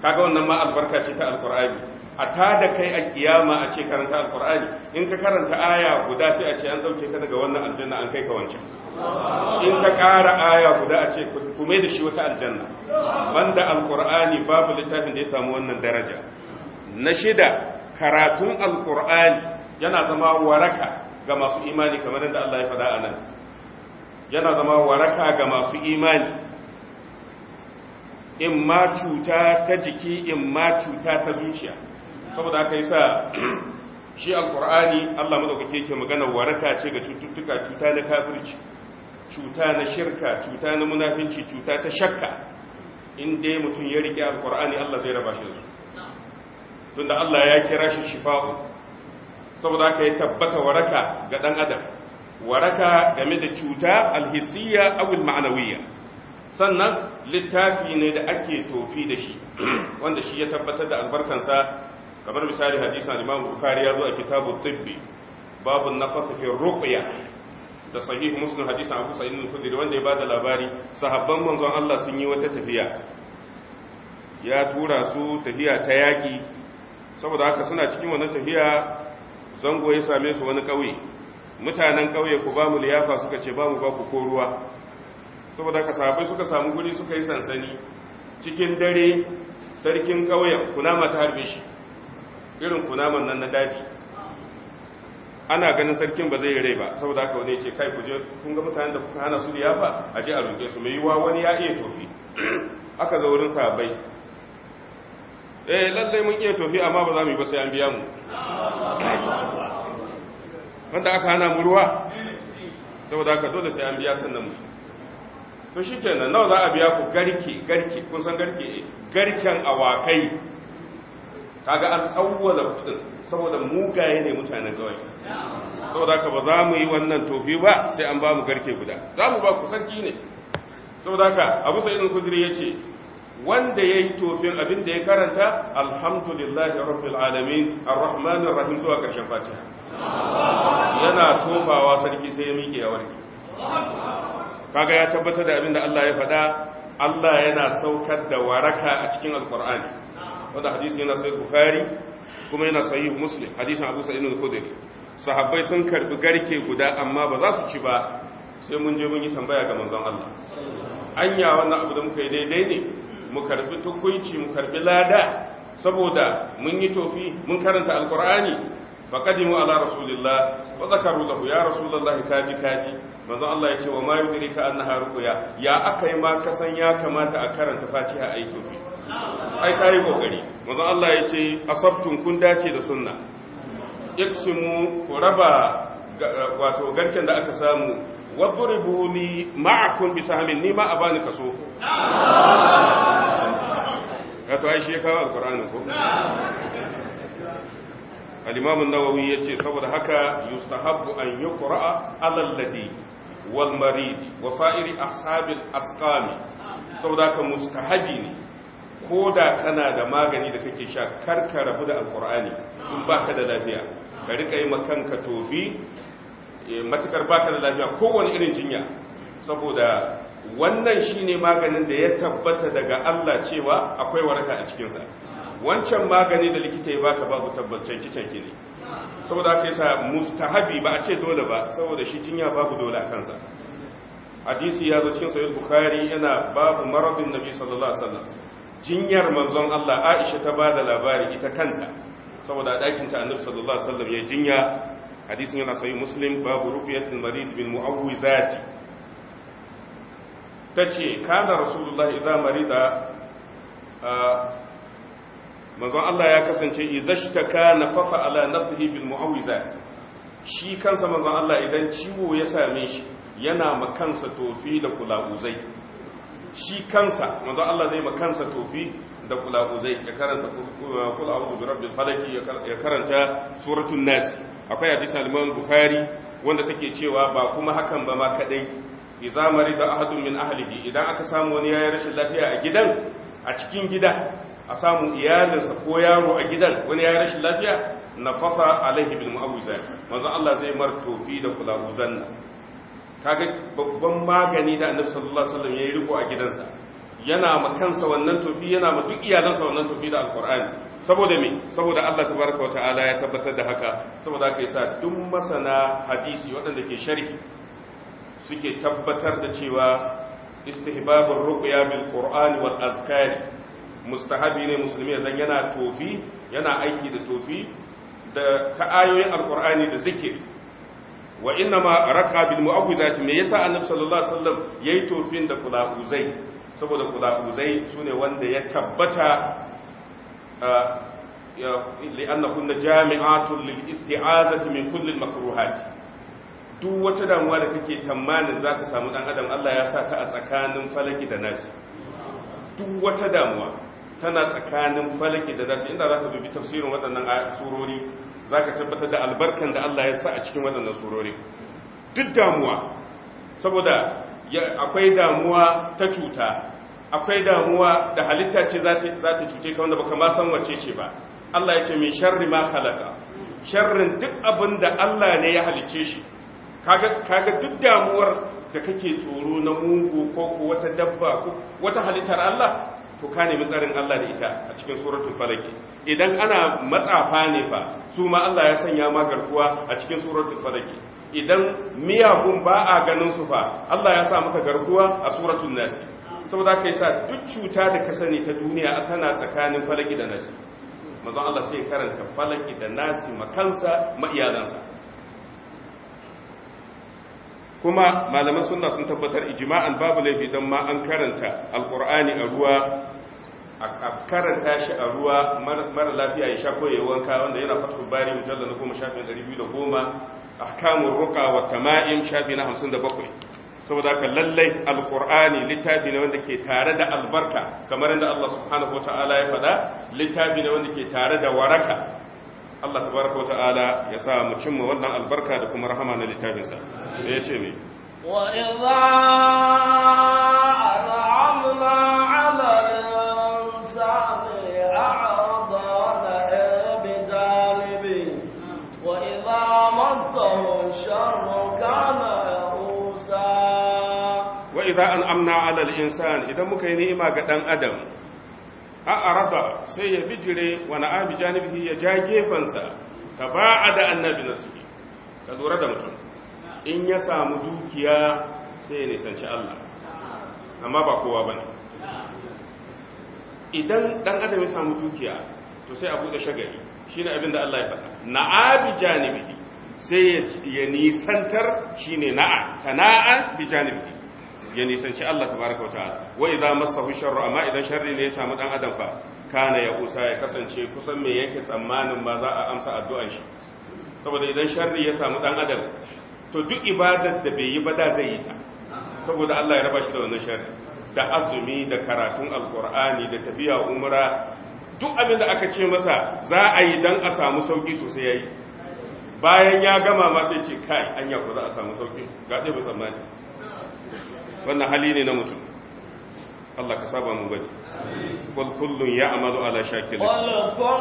kaga wannan ma albarka ce ta alqur'ani a ta da kai a kiyama a ce karanta alqur'ani in ka karanta aya guda sai a ce an dauke ka daga wannan aljanna an kai ka wancan in ka ƙara aya guda a ce kuma da shi wata aljanna banda alqur'ani babu littafin da ya samu wannan daraja na shida karatun alkur'ani yana zama waraka ga masu imani kamar yadda Allah ya faɗa anan, yana zama waraka ga masu imani in ma cuta ta jiki in ma cuta ta zuciya saboda haka yasa shi alkur'ani Allah madaukake yake magana waraka ce ga cututtuka cuta na kafirci cuta na shirka cuta na munafinci cuta ta shakka in dai mutum ya rike alkur'ani Allah zai raba shi da su tunda Allah ya kira shi shifa'u saboda aka yi tabbata waraka ga ɗan adam waraka game da cuta alhisiya aw ma'anawiyya. sannan littafi ne da ake tofi da shi wanda shi ya tabbatar da albarkansa kamar misali hadisin Imam Bukhari ya zo a kitabu tibbi babu na fi ruqya da sahih muslim hadisin Abu Sa'id al-Khudri wanda ya bada labari sahabban manzon Allah sun yi wata tafiya ya tura su tafiya ta yaki saboda haka suna cikin wani tafiya zango ya same su wani ƙauye mutanen ƙauye ku ba mu liyafa suka ce ba mu ba ku ko ruwa saboda haka sahabbai suka samu guri suka yi sansani cikin dare sarkin ƙauyen kunama ta harbe shi irin kunaman nan na daji ana ganin sarkin ba zai yi rai ba saboda haka wani ce kai ku je kun ga mutanen da kuka hana su liyafa a je a roƙe su mai yiwa wani ya iya tofi aka ga wurin sahabbai eh lallai mun iya tofi amma ba za mu yi ba sai an biya mu wanda aka hana mu ruwa saboda haka dole sai an biya sannan mu to shikenan nawa za a biya ku garke garke kun san garke eh, garken awakai kaga an tsawwala kudin saboda mugaye ne mutanen kawai saboda haka ba za mu yi wannan tofi ba sai an ba mu garke guda za mu ba ku sarki ne saboda haka abu sa'idun kudiri ya ce wanda ya yi tofin abin da ya karanta alhamdulillahi rabbil alamin arrahmanir rahim zuwa ƙarshen fatiha yana tofawa sarki sai ya miƙe ya warke kaga ya tabbatar da abin da Allah ya faɗa Allah yana saukar da waraka a cikin alqur'ani wanda hadisi yana sai bukari kuma yana sai muslim hadisin abu sa'id khudri sahabbai sun karɓi garke guda amma ba za su ci ba sai mun je mun yi tambaya ga manzon Allah anya wannan abu da muka yi daidai ne mu karbi tukunci mu karbi lada saboda mun yi tofi mun karanta alkur'ani qadimu ala rasulillah wa zakaru lahu ya rasulullahi kaji kaji manzo Allah ya ce wa ma yudrika annaha ruqya ya akai ma kasan ya kamata a karanta fatiha ayi tofi ai kai kokari manzo Allah ya ce asabtun kun dace da sunna iksimu ku raba wato garken da aka samu wadribu li ma'akum bi sahmin ni ma a bani kaso ka to ai kawo alqur'ani ko al-imam an saboda haka yustahabbu an yuqra'a ƙura'a, alladhi wal Wasa'iri, wa sa'iri asqami saboda haka mustahabi ne ko da kana da magani da take sha karka rabu da alkur'ani in baka da lafiya ka rika yi makanka tofi Eh, matukar baka da lafiya kowane irin jinya saboda wannan shine maganin da ya tabbata daga Allah cewa akwai waraka a cikinsa wancan magani da likita ya baka babu tabbacin kicanki ne saboda aka yasa mustahabi ba a ce dole ba saboda shi jinya babu dole a kansa hadisi ya zo cikin sahih bukhari yana babu maradin nabi sallallahu alaihi wasallam jinyar manzon Allah Aisha ta bada labari ita kanta saboda a dakin ta annabi sallallahu ya jinya hadisin yana sahih muslim babu ruqyatul marid bil mu'awwizati tace kana rasulullahi idza marida manzon Allah ya kasance idhashtaka nafafa ala nafsihi bil mu'awwizat shi kansa manzon Allah idan ciwo ya same shi yana ma kansa tofi da kula'uzai shi kansa manzon Allah zai ma kansa tofi da kula'uzai ya karanta kula'uzu bi rabbil falaq ya karanta suratul nas akwai hadisi al-Imam Bukhari wanda take cewa ba kuma hakan ba ma kadai idza marida ahadun min ahlihi idan aka samu wani yayin rashin lafiya a gidan a cikin gida a samu iyalinsa ko yaro a gidan wani yayin rashin lafiya nafafa alaihi bil mu'awizat manzo Allah zai mar tofi da kula uzanna kaga babban magani da Annabi sallallahu alaihi wasallam yayi riko a gidansa yana ma kansa wannan tofi yana ma duk iyalansa wannan tofi da alqur'ani saboda me saboda Allah tabaraka wa ta'ala ya tabbatar da haka saboda haka yasa duk masana hadisi waɗanda ke sharhi suke tabbatar da cewa istihbabur ruqya bil qur'an wal azkar mustahabi ne musulmi zan yana tofi yana aiki da tofi da ta ayoyin alqur'ani da zikir. wa inna ma raqa bil mu'awwizati me yasa annabi sallallahu alaihi wasallam yayi tofin da kula uzai saboda kula uzai sune wanda ya tabbata li'annahunna jami'atun lil isti'azati min kulli makruhat duk wata damuwa da kake tamanin zaka samu dan adam Allah ya saka a tsakanin falaki da nasi duk wata damuwa tana tsakanin falaki da nasi inda zaka dubi tafsirin waɗannan surori zaka tabbatar da albarkan da Allah ya sa a cikin waɗannan surori duk damuwa saboda akwai damuwa ta cuta akwai damuwa da halitta ce za ta cuce ka wanda baka ma san wace ce ba Allah ya ce mai sharri ma halaka sharrin duk abin da Allah ne ya halice shi kaga duk damuwar da kake tsoro na mugu ko wata dabba ko wata halittar Allah to ka nemi tsarin Allah da ita a cikin suratul falaki idan ana matsafa ne fa su ma Allah ya sanya ma garkuwa a cikin suratul falaki idan miyagun ba a ganin su fa Allah ya sa maka garkuwa a suratul nasi saboda ka yasa duk cuta da ka sani ta duniya tana tsakanin falaki da nasi manzon Allah sai karanta falaki da nasi makansa ma iyalansa kuma malaman sunna sun tabbatar ijma'an babu laifi dan ma an karanta alqur'ani a ruwa a karanta shi a ruwa mara lafiya ya sha koyi wanka wanda yana fatu bari mujallal na goma shafin 210 ahkamur ruqa wa tama'im shafi na 57 saboda ka lallai alkur'ani littafi ne wanda ke tare da albarka kamar yadda Allah subhanahu wata'ala ya faɗa littafi ne wanda ke tare da waraka Allah tabaraka wata'ala ya sa mu cimma wannan albarka da kuma rahama na littafinsa me ya ce me وإذا أنعمنا على الإنسان أعرض ونأى بجانبه وإذا مسه الشر كان idza amna 'ala al-insan idan muka yi ni'ima ga dan adam a araba sai ya bijire wa na'abi janibi ya ja gefansa da annabi nasibi ka lura da mutum in ya samu dukiya sai ya nisanci Allah amma ba kowa bane idan dan adam ya samu dukiya to sai a buɗe shagari shine abin da Allah ya faɗa na'abi janibi sai ya nisantar shine na'a tana'a bi janibi ya nisanci Allah tabaraka wa ta'ala wa idza massahu sharru amma idan sharri ne ya samu dan adam fa kana ya kusa ya kasance kusan me yake tsammanin ma za a amsa addu'an shi saboda idan sharri ya samu dan adam to duk ibadar da bai yi ba da zai yi ta saboda Allah ya raba shi da wannan sharri da azumi da karatun alqur'ani da tafiya umra duk abin da aka ce masa za a yi dan a samu sauki to sai yayi bayan ya gama ma sai ce kai anya ko za a samu sauki ga dai ba tsammani wannan hali ne na mutum Allah ka saba mu bari kul kullun ya'malu ala shakilati qul kullun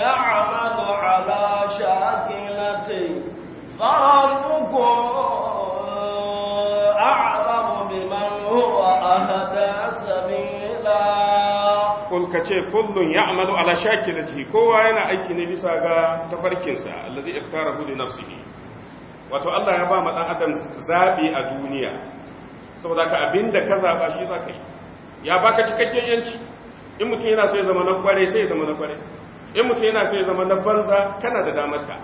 ya'malu ala shakilati farabbukum a'lamu biman huwa ahada sabila kul kace kullun ya amalu ala shakilati kowa yana aiki ne bisa ga tafarkinsa allazi ikhtarahu li nafsihi wato Allah ya ba mu dan adam zabi a duniya saboda ka abinda ka zaɓa shi za ka yi ya baka cikakken yanci in mutum yana so ya zama na kware sai ya zama na kware in mutum yana so ya zama na banza kana da damar ta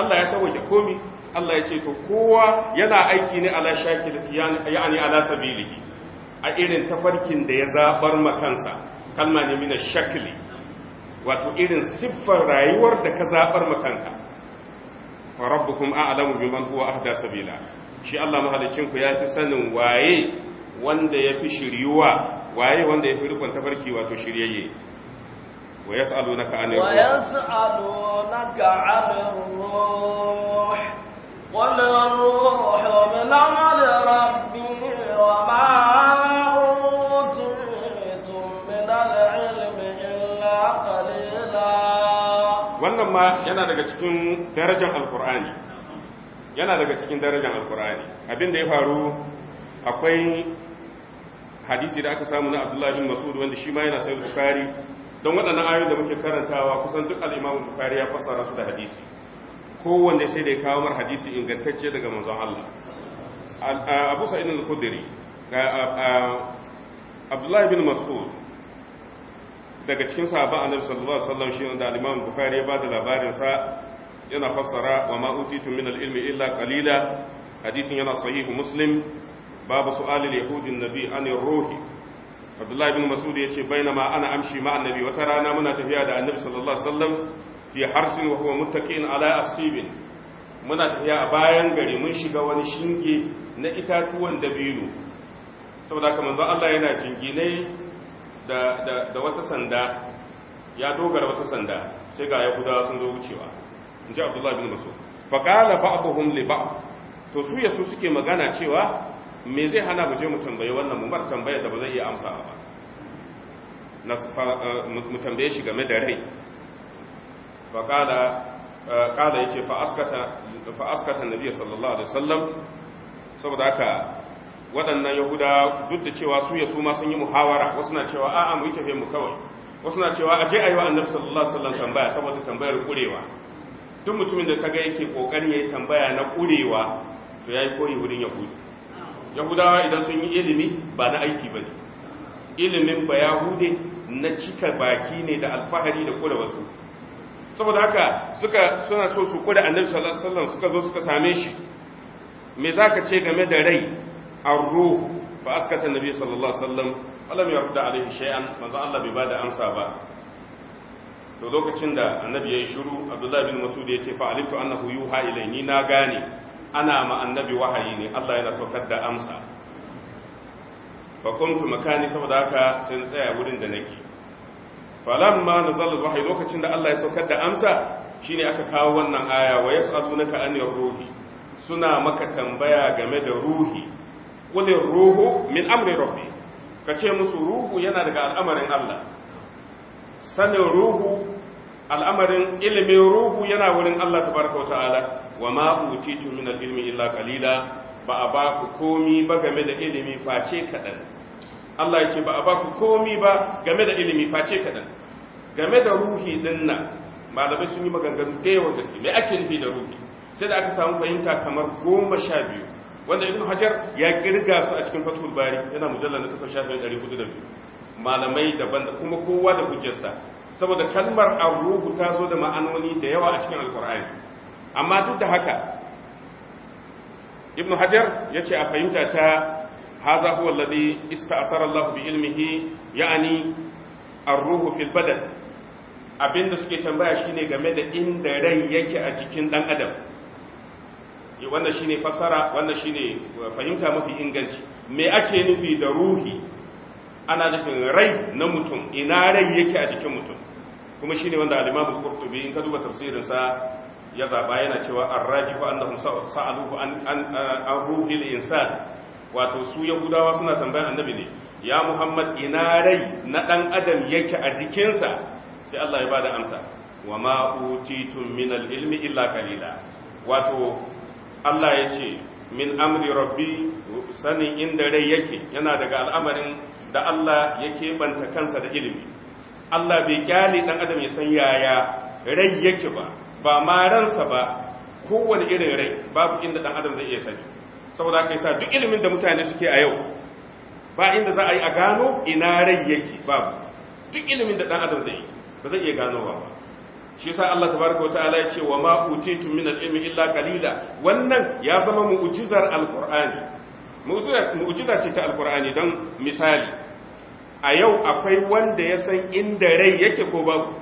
Allah ya sauke komi Allah ya ce to kowa yana aiki ne ala shakilati yani ala sabilihi a irin tafarkin da ya zabar makansa kalma ne mina shakli wato irin siffar rayuwar da ka zabar makanka fa rabbukum a'lamu biman huwa ahda sabila shi Allah mahalicinku ya fi sanin waye wanda ya fi shiryuwa waye wanda ya fi rikon tafarki wato shiryayye wa ya sa'adu na ka'anin ruwa wa ya sa'adu na ka'anin ruwa wani ruwa min amali rabbi wa ma wannan ma yana daga cikin darajar alkur'ani yana daga cikin darajar alkur'ani abin da ya faru akwai hadisi da aka samu na abdullahi bin masud wanda shi ma yana sai bukari don waɗannan ayoyin da muke karantawa kusan duk al'imamu bukari ya fassara su da hadisi kowanne sai da ya kawo mar hadisi ingantacce daga manzon Allah abu sa'id al-khudri abdullahi bin mas'ud daga cikin sahaba annabi sallallahu alaihi wasallam shi wanda al-imam bukhari ya bada labarin sa yana fassara wa ma min al-ilmi illa qalila hadisin yana sahihu muslim babu su'al al-yahudin nabi an ruhi abdullahi bin mas'ud yace ma ana amshi ma annabi wata rana muna tafiya da annabi sallallahu alaihi wasallam fi harsin wa huwa muttaqin ala asibin muna tafiya a bayan gari mun shiga wani shinge na itatuwan dabino saboda haka manzo Allah yana jingine da da wata sanda ya dogara wata sanda sai ga yahudawa sun zo wucewa in ji abdullahi bin masu faƙala ba abuhun liba to su yasu suke magana cewa me zai hana mu je mu tambaye wannan mu bar tambayar da ba zai iya amsa ba eh, mu tambaye shi game da rai faƙala ƙala eh, ya ce fa'askata nabi sallallahu alaihi wasallam saboda haka waɗannan yahuda duk da cewa su ya ma sun yi muhawara wasu na cewa a'a mu yi tafiye mu kawai wasu na cewa aje a yi wa annabi sallallahu alaihi wasallam tambaya saboda tambayar kurewa duk mutumin da kaga yake ya yayi tambaya na kurewa to yayi koyi wurin yahudi yahudawa idan sun yi ilimi ba na aiki bane ilimin ba yahude na cika baki ne da alfahari da kula wasu saboda haka suka suna so su kula annabi sallallahu alaihi wasallam suka zo suka same shi me zaka ce game da rai arruh fa askata annabi sallallahu alaihi wasallam alam yarda alaihi shay'an manzo Allah bai bada amsa ba to lokacin da annabi ya yi shiru abdullahi bin masud ya ce fa'alitu annahu yuha ilaini na gane ana ma annabi wahayi ne Allah yana saukar da amsa fa makani saboda haka sai na tsaya wurin da nake falamma nazala wahayi lokacin da Allah ya saukar da amsa shine aka kawo wannan aya wa yas'alunaka an ruhi suna maka tambaya game da ruhi qul ruhu min amri rabbi kace musu ruhu yana daga al'amarin Allah sanin ruhu al'amarin ilimin ruhu yana wurin Allah ta baraka wata ala wa ma utitu min al illa kalila ba a ba ku komi ba game da ilimi face kadan Allah ya ce ba a ba ku komi ba game da ilimi face kadan game da ruhi din nan malamai sun yi maganganu da yawan gaske me ake nufi da ruhi sai da aka samu fahimta kamar goma sha biyu wanda ibn hajar ya kirga su a cikin fatul bari yana mujallar na biyu, malamai daban da kuma kowa da hujjarsa saboda kalmar arruhu ta zo da ma'anoni da yawa a cikin alkur'ani amma duk da haka ibnu hajar ya ce a fahimta ta haza huwa alladhi ista'sara Allah bi ilmihi ya'ani arruhu fil abinda suke tambaya shine game da inda rai yake a jikin dan adam eh, wannan shine fasara wannan shine fahimta mafi inganci me ake nufi da ruhi ana nufin rai na mutum ina rai yake a jikin mutum kuma shine wanda al-Imam Qurtubi in ka duba tafsirin sa ya zaba yana cewa ar-rajihu annahum sa'aluhu an an ruhil insan wato su yahudawa suna tambayan annabi ne ya Muhammad ina rai na dan adam yake a jikinsa sai Allah ya bada amsa wa ma utitum min al-ilmi illa qalila wato Allah ya ce min amri rabbi sanin inda rai yake yana daga al'amarin da Allah ya keɓanta kansa da ilimi Allah bai kyale ɗan adam ya san yaya rai yake ba ba ma ransa ba kowane irin rai babu inda ɗan adam zai iya sani saboda kai sa duk ilimin da mutane suke a yau ba inda za a yi a gano ina rai yake babu duk ilimin da ɗan adam zai yi ba zai iya gano ba shi sa Allah tabaraka wataala ya ce wa ma utitu min al-ilmi illa qalila wannan ya zama mu'jizar alqur'ani mu'jiza ce ta alkur'ani don misali a yau akwai wanda ya san inda rai yake ko babu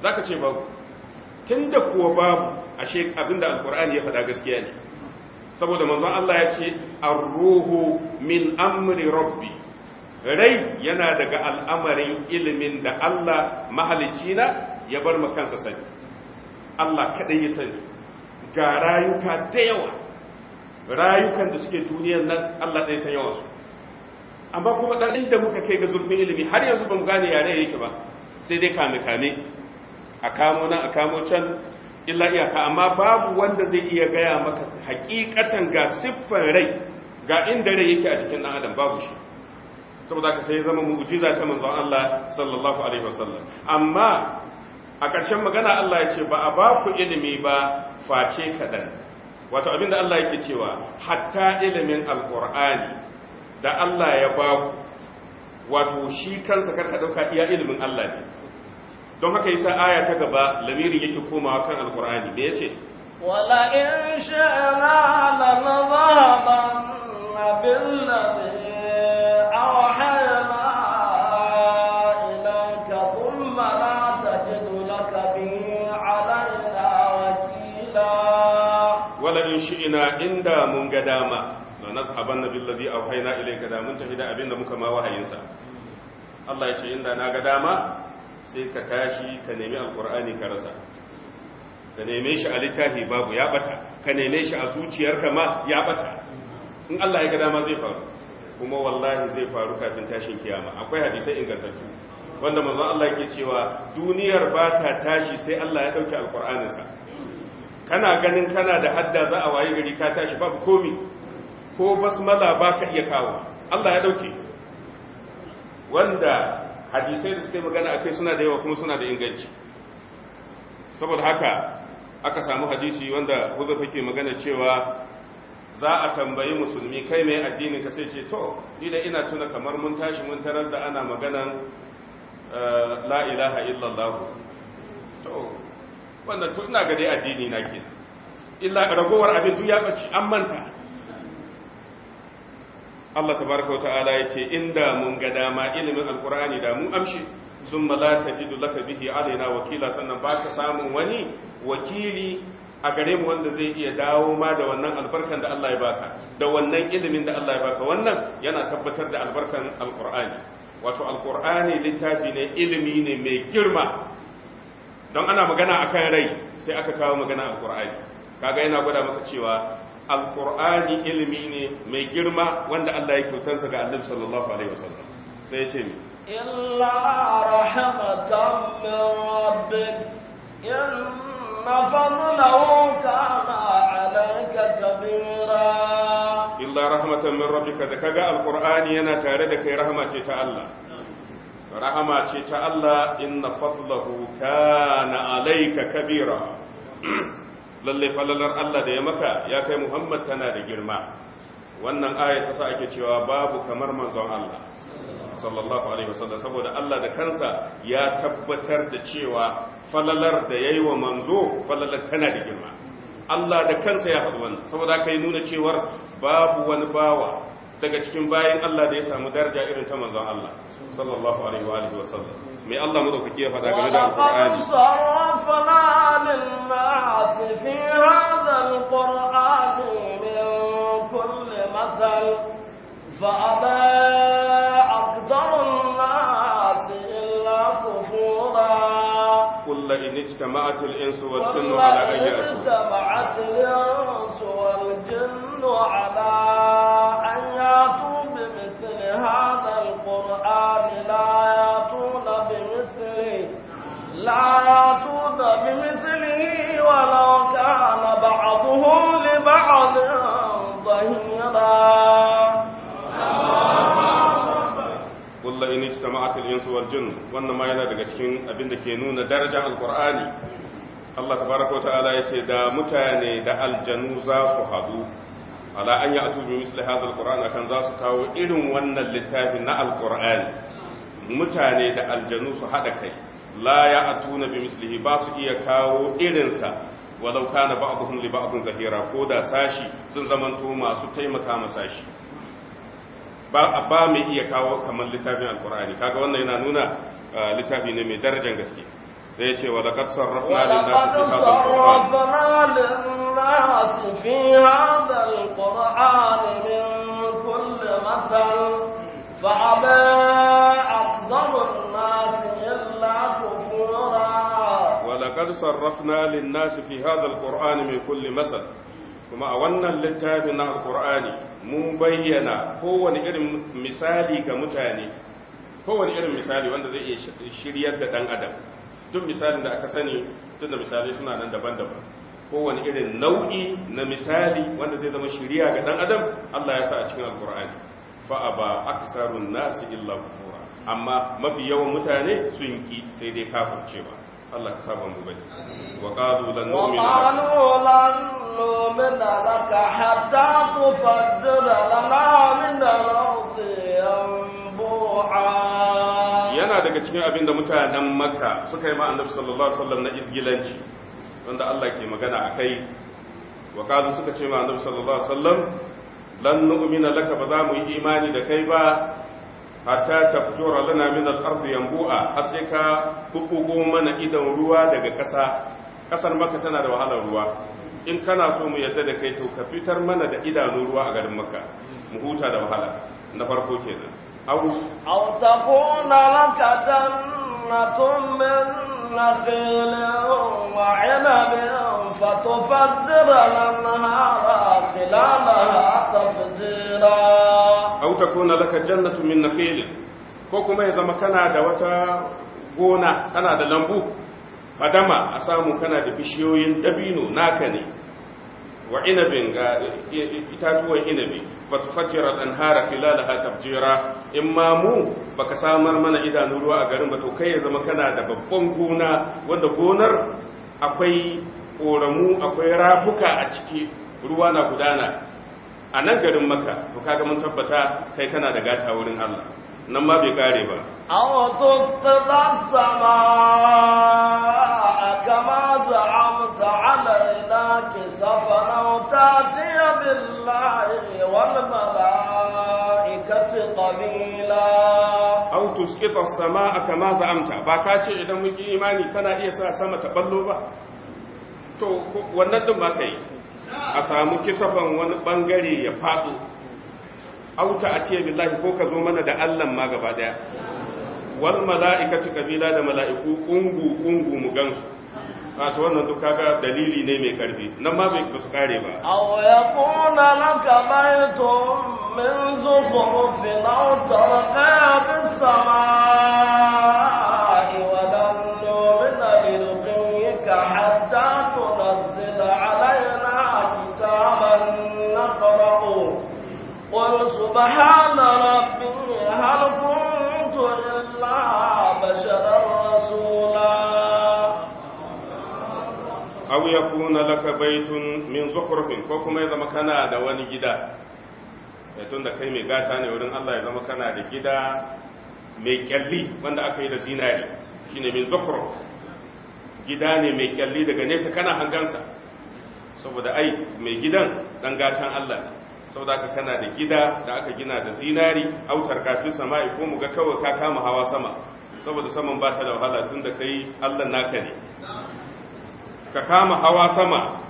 za ka ce babu tun da kuwa babu ashe abinda alkur'ani ya faɗa gaskiya ne saboda manzon Allah ya ce arruhu min amri rabbi rai yana daga al'amarin ilimin da Allah na ya bar kansa sani Allah kaɗai ya sani ga rayuka da yawa rayukan da suke duniyar nan Allah ɗaya san yawansu amma kuma ɗan inda muka kai ga zurfin ilimi har yanzu ba gane yare yake ba sai dai kame-kame a kamo nan a kamo can illa iyaka amma babu wanda zai iya gaya maka hakikatan ga siffar rai ga inda rai yake a cikin ɗan adam babu shi saboda ka sai zama mu'jiza ta manzon Allah sallallahu alaihi wasallam amma a ƙarshen magana Allah ya ce ba a ba ku ilimi ba face kaɗan wato abinda Allah yake cewa hatta ilimin alqur'ani da Allah ya ba wato shi kansa karka dauka iya ilimin Allah ne don haka yasa aya ta gaba lamirin yake komawa kan alqur'ani me yace wala in sha'ana la nadhaban bil ladhi inda mun ga dama na nashaban na ladi a haina ilaika da mun tafi da abin da muka ma wahayinsa Allah ya ce inda na ga dama sai ka tashi ka nemi alqur'ani ka rasa ka neme shi a littafi babu ya bata ka neme shi a zuciyarka ma ya bata in Allah ya ga dama zai faru kuma wallahi zai faru kafin tashin kiyama akwai hadisai ingantattu wanda manzo Allah yake cewa duniyar ba ta tashi sai Allah ya dauki sa kana ganin kana da hadda za a waye gari ka tashi babu komi ko basmala ba ka iya kawo Allah ya dauke wanda hadisai da suke magana akai suna da yawa kuma suna da inganci saboda haka aka samu hadisi wanda huzafa ke magana cewa za a tambayi musulmi kai mai addini ka sai ce to ni da ina tuna kamar mun tashi mun taras da ana maganan eh, la ilaha illallah to wannan to ina ga dai addini na ke illa ragowar abin duk ya bace an manta Allah tabaraka wa ta'ala yace inda mun ga dama ilimin alqur'ani da mun amshi zumma la tajidu laka bihi alaina wakila sannan ba ka samun wani wakili a gare mu wanda zai iya dawo ma da wannan albarkan da Allah ya baka da wannan ilimin da Allah ya baka wannan yana tabbatar da albarkan alqur'ani wato alqur'ani littafi ne ilimi ne mai girma don ana magana a kan rai sai aka kawo magana a alkur'ani kaga yana gwada maka cewa alkur'ani ilimi ne mai girma wanda Allah ya kyautarsa ga annabi sallallahu alaihi wasallam sai ya ce mi illa rahmatan min rabbik fadlahu kana alayka kabira illa rahmatan min rabbika da kaga alkur'ani yana tare da kai rahma ce ta Allah rahama ce ta Allah inna fadlahu kana alayka kabira lalle falalar Allah da ya maka ya kai Muhammad tana da girma wannan aya ta sa ake cewa babu kamar manzon Allah sallallahu alaihi wasallam saboda Allah da kansa ya tabbatar da cewa falalar da yayi wa manzo falalar tana da girma Allah da kansa ya faɗi wannan saboda kai nuna cewar babu wani bawa daga cikin bayan Allah da ya samu daraja irin ta manzon Allah sallallahu alaihi wa alihi wasallam mai Allah mu dauki ya fada game da Al-Qur'ani sarrafna lil ma'as fi hadha alqur'ani min kulli mathal fa aba إن اجتمعت الإنس والجن على أن يأتوا اجتمعت الإنس والجن على هذا القرآن لا يأتون بمثله لا يأتون بمثله ولو كان بعضهم لبعض ظهيرا قل إن اجتمعت الإنس والجن وأنما ينادى cikin abin da ke nuna darajar alqur'ani Allah tabaraka wa ta'ala yace da mutane da aljanu za su hadu ala an yi atu bi misli hadha alquran akan za su kawo irin wannan littafin na alquran mutane da aljanu su hada kai la ya atuna bi mislihi ba su iya kawo irinsa walau kana ba'dhum li ba'dhin zahira ko da sashi sun zamanto masu taimaka ma sashi ba ba mai iya kawo kamar littafin alqur'ani kaga wannan yana nuna ah, littafi ne mai darajar gaske sai ce wa laqad sarrafna lin-nasi fi hadha al-qur'an min kulli mathal fa'aba afdalu an-nasi illa kufura wa laqad sarrafna lin-nasi fi hadha al-qur'an min kulli mathal kuma a wannan littafin na al mun bayyana kowane irin misali ga mutane kowane irin misali wanda zai iya shiryar da dan adam duk misalin da aka sani duk da misali suna nan daban-daban kowane irin nau'i na misali wanda zai zama shiriya ga dan adam Allah ya sa a cikin alkur'ani fa aba aksarun nasu illa kufura amma mafi yawan mutane sun ki sai dai kafircewa Allah ka saba mu bane wa qalu lan nu'mina laka hatta yana daga cikin abin da mutanen maka suka yi ma annabi sallallahu alaihi wasallam na isgilanci wanda Allah ke magana a kai wa kazu suka ce ma annabi sallallahu alaihi wasallam lan nu'mina laka ba za mu yi imani da kai ba hatta tafjura lana min al-ard yanbu'a sai ka bukuku mana idan ruwa daga ƙasa ƙasar maka tana da wahalar ruwa in kana so mu yadda da kai to ka fitar mana da idanun ruwa a garin maka mu huta da wahala na farko kenan أو أو تكون لك جنة من نخيل وعنب فتفجر خلالها تفجيرا أو تكون لك جنة من نخيل ko kuma ya zama kana da wata gona kana da lambu fadama a samu kana da bishiyoyin dabino naka ne wa inabin ga itatuwan inabi fatfatira anhara filalaha tafjira in ma mu baka samar mana idanun ruwa a garin ba to kai ya zama kana da babban gona wanda gonar akwai koramu akwai rafuka a ciki ruwa na gudana a nan garin maka to kaga mun tabbata kai kana da gata wurin Allah nan ma bai kare ba aw tustadat sama kama za'amta alaina ta ta'tiya billahi wal malaikati qabila aw tusqita as a kama za'amta ba ka ce idan muke imani kana iya sa sama ta ballo ba to wannan din ba kai a samu kisafan wani bangare ya faɗo. auta a ce billahi ko ka zo mana da Allah ma gaba daya wal mala'ikatu kabila da mala'iku kungu kungu mu gansu wato wannan duk kaga dalili ne mai karfi nan ma bai su kare ba aw yaquna laka baytun min zukhrufin aw tarqa bis samaa'i wa قل سبحان ربي هل كنت إلا بشرا رسولا aw yakuna laka baitun min zukhrufin ko kuma ya zama kana da wani gida tun da kai mai gata ne wurin Allah ya zama kana da gida mai kyalli wanda aka yi da zinari shine min zukhruf gida ne mai kyalli daga nesa kana hangansa saboda ai mai gidan dan gatan Allah saboda ka kana da gida da aka gina da zinari autar kafin sama'i ko mu ga kawai ka kama hawa sama saboda saman ba ta da wahala tun da kai allah naka ne ka kama hawa sama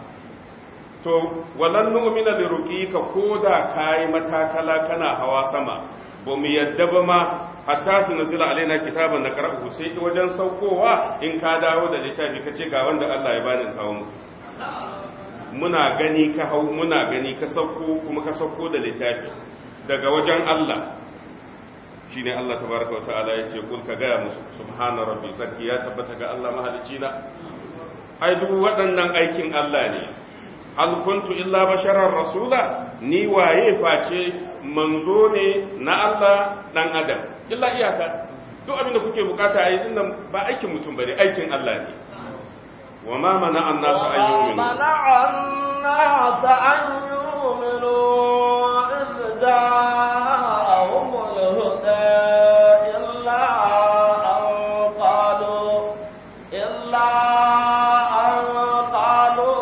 to walan nu'mina da ruqika koda kai matakala kana hawa sama ba mu yadda ba ma hatta tunzila alaina kitaban da qara'u sai wajen saukowa in ka dawo da littafi kace ga wanda Allah ya bani kawo mu muna gani ka hau muna gani ka sauko kuma ka sauko da littafi daga wajen Allah Shi ne Allah tabaraka wa ta'ala ce, kul ka gaya musu subhanar rabbi sarki ya tabbata ga Allah mahalicci na haidu waɗannan aikin Allah ne alkuntu illa basharar rasula ni waye face manzo ne na Allah ɗan adam illa iyaka duk abin da kuke bukata a yi dinnan ba aikin mutum ba ne, aikin Allah ne وما منع الناس أن يؤمنوا منع الناس أن يؤمنوا إذ جاءهم الهدى إلا أن قالوا إلا أن قالوا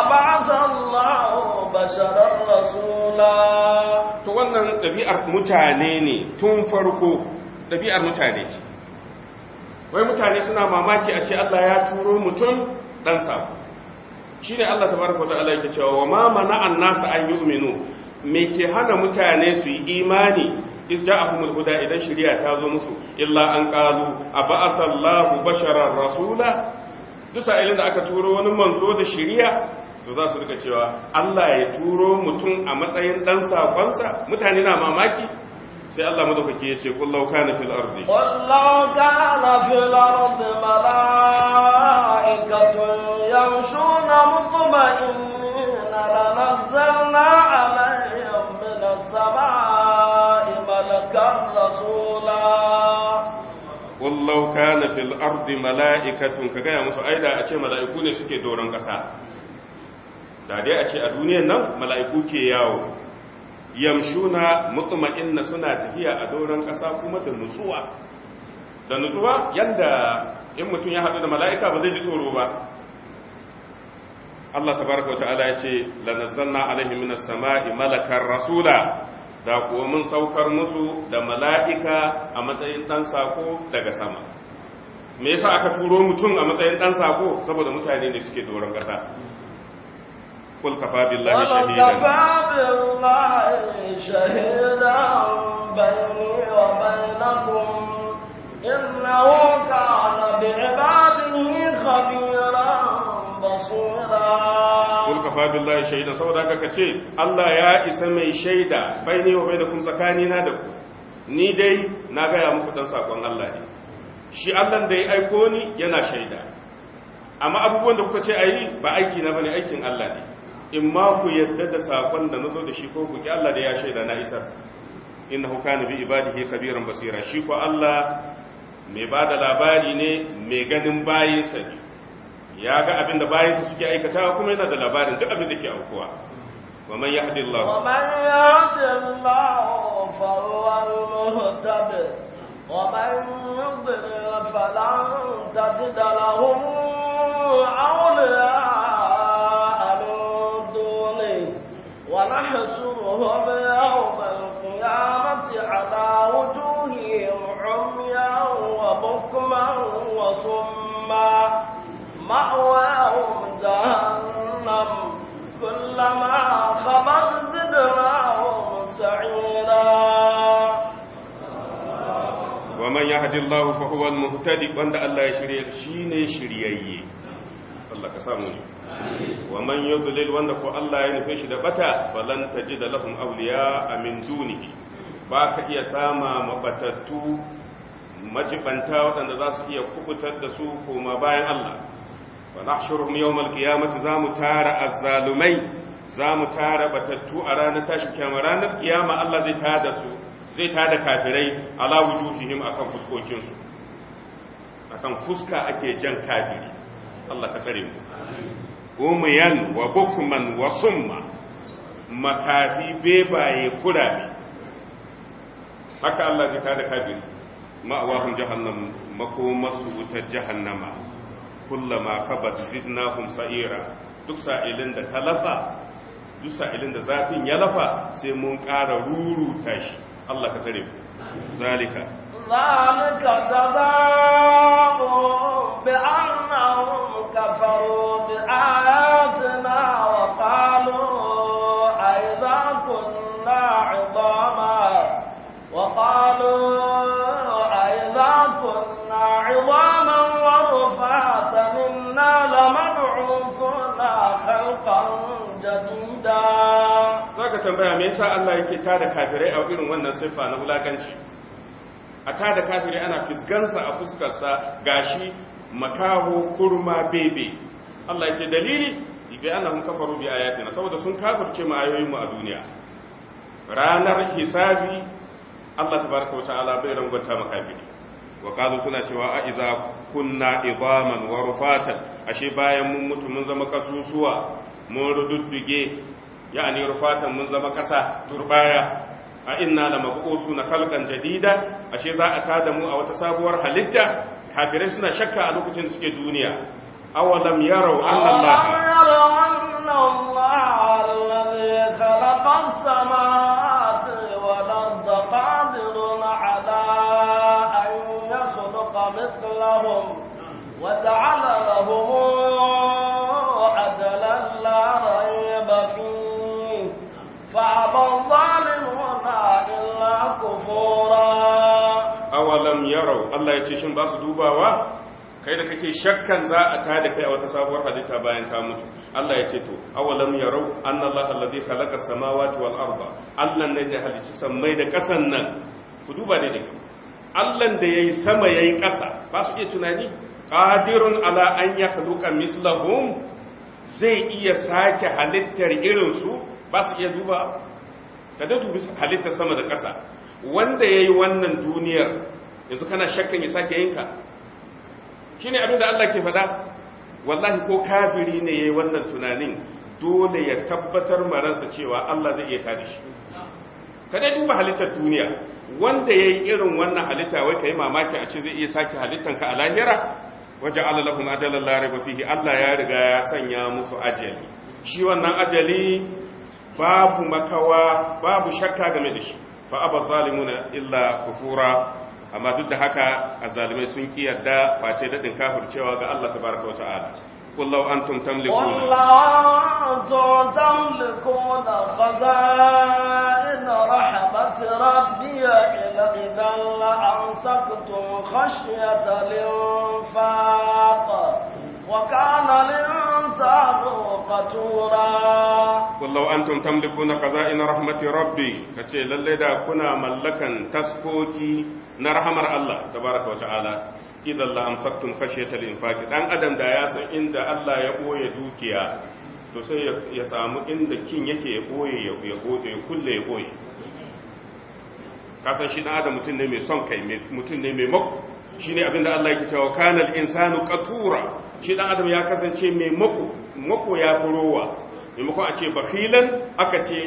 أبعث الله بشرا رسولا to wannan ɗabi'ar mutane ne tun farko ɗabi'ar mutane ce wai mutane suna mamaki a ce Allah ya turo mutum dan Shi ne Allah tabaraka ta'ala yake cewa wa ma mana annasu an yu'minu me ke hana mutane su yi imani iz al huda idan shari'a ta zo musu illa an qalu aba'asallahu basharan rasula duk sa'ilin da aka turo wani manzo da shari'a to za su rika cewa Allah ya turo mutum a matsayin dan sakonsa mutane na mamaki sai Allah madaukake ya ce qul kana fil ardi wallahu kana fil ardi malaikatun yamshuna mutma'innina lanazzalna 'alayhim min as-samaa'i malakan rasula qul kana fil ardi malaa'ikatun kaga ya musu aida a ce mala'iku ne suke doron kasa da dai a ce a duniyar nan mala'iku ke yawo yamshuna mutma'inna suna tafiya a doron ƙasa kuma da nutsuwa da nutsuwa yanda in mutum ya haɗu da mala'ika ba zai ji tsoro ba Allah tabaraka ta'ala ya ce nazzalna alaihim minas sama'i malakar rasula da kuwa mun saukar musu da mala'ika a matsayin ɗan sako daga sama me yasa aka turo mutum a matsayin ɗan sako saboda mutane ne suke doron ƙasa قل كفى بالله شهيدا قل كفى بالله شهيدا بيني وبينكم إنه كان بعباده خبيرا بصيرا قل كفى بالله شهيدا سوى ذلك كتير الله يا اسمي شهيدا بيني وبينكم سكانينا دكم ni dai na gaya muku dan sakon Allah ne shi Allah da ya aiko ni yana shaida amma abubuwan da kuka ce ayi ba aiki na bane aikin Allah ne in ma ku yadda da sakon da nazo da shi ko ku ki Allah da ya shaida na isa. isar innahu kana bi ibadihi khabiran basira shi ko Allah mai bada labari ne mai ganin bayinsa sa ya ga abin da sa suke aikatawa kuma yana da labarin duk abin da ke aukuwa wa man yahdi Allah wa man yahdi Allah fa huwa al-muhtadi wa man yudlil falan tajid lahu awliya يغضب يوم القيامة على وجوههم عميا وبكما وصما مأواهم جهنم كلما خبت زدناهم سعيرا ومن يهد الله فهو المهتدي وان الله يشري شيني شريي Allah ka samu ne wa man yudlil wanda ko Allah ya nufe shi da bata falan tajida lahum awliya amin dunihi ba ka iya sama mabatattu majibanta waɗanda za su iya kubutar da su koma bayan Allah wa nahshuruhum yawmal qiyamati za mu tara azzalumai za mu tara batattu a ranar tashin kiyama ranar kiyama Allah zai tada su zai tada kafirai ala wujuhihim akan fuskokinsu akan fuska ake jan kafiri Allah ka tsare mu yan wa bukman wa summa makafi bebaye kurabe haka Allah zai kada kafiri ma'awahum jahannam makomasu wutar jahannama kullama kabat zidnahum sa'ira duk sa'ilin da talafa duk sa'ilin da zafin ya lafa sai mun ƙara ruruta shi Allah ka tsare mu zalika ذلك جزاء بأنهم كفروا بآياتنا وقالوا أئذا كنا عظاما وقالوا أئذا كنا عظاما ورفاتا إنا لمبعوثون خلقا جديدا zaka tambaya me yasa Allah yake tada kafirai a irin wannan siffa na wulakanci a da kafiri ana fisgansa a fuskarsa gashi makaho kurma bebe Allah ya ce dalili bi annahum kafaru bi ayatina saboda sun kafirce mu ayoyin mu a duniya ranar hisabi Allah tabaraka wa ta'ala bai rangwata kafiri wa qalu suna cewa a iza kunna idaman wa rufatan ashe bayan mun mutu mun zama kasusuwa mun rududdige yani rufatan mun zama kasa turbaya a inna la mabusu na kalkan jarida? ashe za a tada mu a wata sabuwar halitta kafirai suna shakka a lokacin da suke duniya awalam yarau anna allah alladhi khalaqa as-samawati wal arda qadirun ala an yakhluqa mithlahum wa ja'ala lahum ajalan la rayba fihi fa aballa كفورا أولم يروا الله يتشين باس دوباوا kai da kake shakkan za a da kai a wata sabuwar hadita bayan ka mutu Allah ya ce to awalam yarau anna Allah alladhi khalaqa samawati wal arda Allah ne da halicci sammai da kasan nan ku duba ne da Allah da yayi sama yayi kasa ba su iya tunani qadirun ala an yakhluqa mislahum zai iya sake halittar irin su ba su iya duba kada dubi halittar sama da kasa wanda ya yi wannan duniyar yanzu kana shakkan ya sake yinka shi ne abinda Allah ke faɗa wallahi ko kafiri ne ya yi wannan tunanin dole ya tabbatar maransa cewa Allah zai iya kare shi ka dai duba halittar duniya wanda ya yi irin wannan halitta wai ka yi mamaki a ce zai iya sake ka a lahira wajen alalahun ajalar lariba fihi Allah ya riga ya sanya musu ajali shi wannan ajali babu makawa babu shakka game da shi fa aba zalimuna illa kufura amma duk da haka azalimai sun ki yadda face dadin kafircewa ga Allah tabaraka wa ta'ala qul law antum tamlikuna qul law tamlikuna khazan rahmat rabbi ya ila idan la ansaktum khashyata lil قطورا قل لو أنتم تملكون خزائن رحمة ربي كتي da كنا ملكا تسكوكي na الله تبارك وتعالى إذا الله أمسكتم خشية الإنفاق أن أدم داياسا إن دا الله يقوي دوكيا to sai ya samu inda kin yake ya boye ya boye kulle ya boye kasan shi dan adam mutum ne mai son kai mutum ne mai mak shine abinda Allah yake cewa kanal insanu qatura shi dan adam ya kasance mai mako mako ya furowa maimakon a ce bakilan aka ce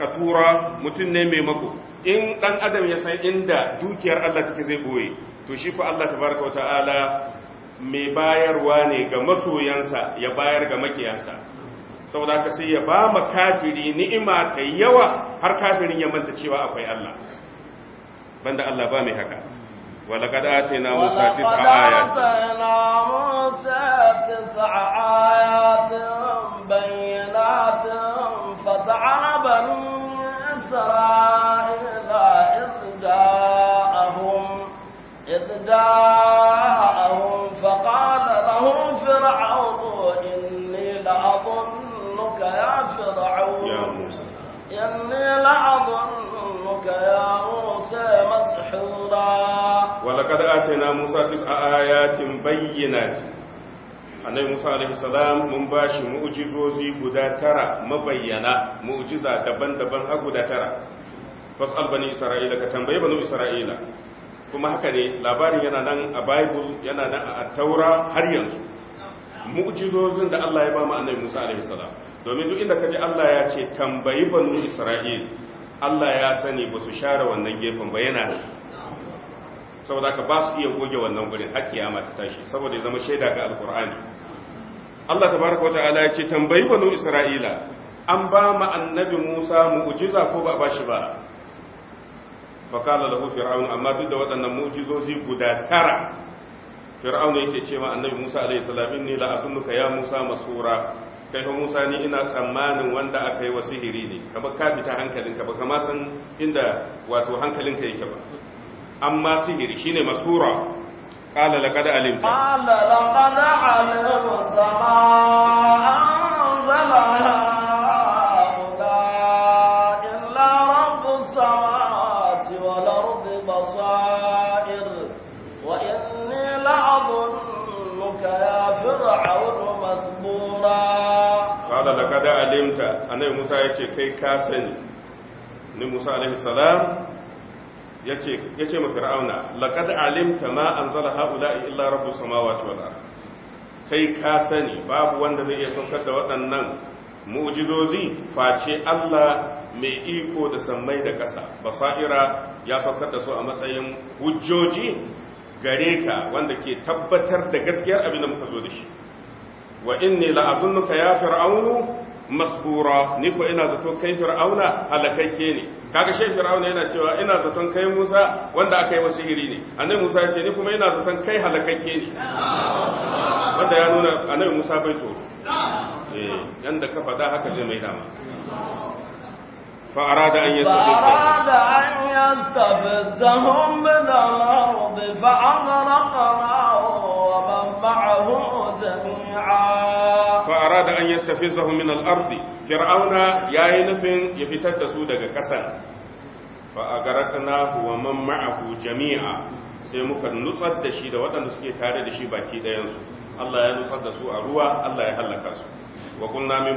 katura mutum ne mai mako in dan adam ya san inda dukiyar Allah take zai boye to shi ko Allah tabaraka wa ta'ala mai bayarwa ne ga masoyansa ya bayar ga makiyansa saboda haka sai ya ba ma kafiri ni'ima ta yawa har kafirin ya manta cewa akwai Allah banda Allah ba mai haka ولقد آتينا موسى تسع آيات آتينا موسى تسع آيات بينات فتعن بني إسرائيل إذ جاءهم إذ جاءهم فقال له فرعون إني لأظنك يا فرعون يا موسى إني لأظنك ربك يا موسى مسحورا ولقد آتينا موسى تسع آيات بينات annabi Musa alaihi salam mun bashi mu'jizozi guda tara mabayyana mu'jiza daban-daban a guda tara fas'al bani isra'ila ka tambayi bani isra'ila kuma haka ne labarin yana nan a bible yana nan a taura har yanzu mu'jizozin da Allah ya ba mu annabi Musa alaihi salam domin duk inda kaji Allah ya ce tambayi Bani Isra'ila. Allah ya sani ba su share wannan gefen ba yana da saboda ka ba su iya goge wannan gurin har kiyama ta tashi saboda ya zama shaida ga alkur'ani Allah tabaraka wata ya ce tambayi banu isra'ila an ba ma annabi Musa mu'jiza ko ba ba shi ba fa qala lahu fir'aun amma duk da waɗannan mu'jizozi guda tara fir'aun yake cewa annabi Musa alaihi salam inni la ya Musa masura kai Musa ni ina tsammanin wanda aka yi wa sihiri ne kama ka fita hankalinka ba kama san inda wato hankalinka yake ba amma sihiri shine masura qala laqad alimta qala laqad alimta ma anzala annabi musa ya ce kai ka sani ni musa alaihi salam ya ce ma fir'auna laqad alimta ma anzala haula illa rabbus samawati wal ard kai ka sani babu wanda zai iya saukar da waɗannan mu'jizozi face Allah mai iko da sammai da ƙasa basaira ya saukar da su a matsayin hujjoji gare ka wanda ke tabbatar da gaskiyar abin da muka zo da shi wa inni la'azunnuka ya fir'aunu maskura ni ko ina zato kai fir'auna halakakke ne kaga shi fir'auna yana cewa ina zaton kai Musa wanda aka yi wasihiri ne annabi Musa ya ce ni kuma ina zaton kai halakakke ne wanda ya nuna annabi Musa bai tsoro eh yanda ka faɗa haka zai mai dama فأراد أن يستفزهم من الأرض فأغرقناه ومن معه جميعا فأراد أن يستفزهم من الأرض فرعون يا نفن يفتد سودك كسن فأغرقناه ومن معه جميعا sai muka nutsar da shi da waɗanda suke tare da shi baki ɗayansu Allah ya nutsar da su a ruwa Allah ya hallaka su wa min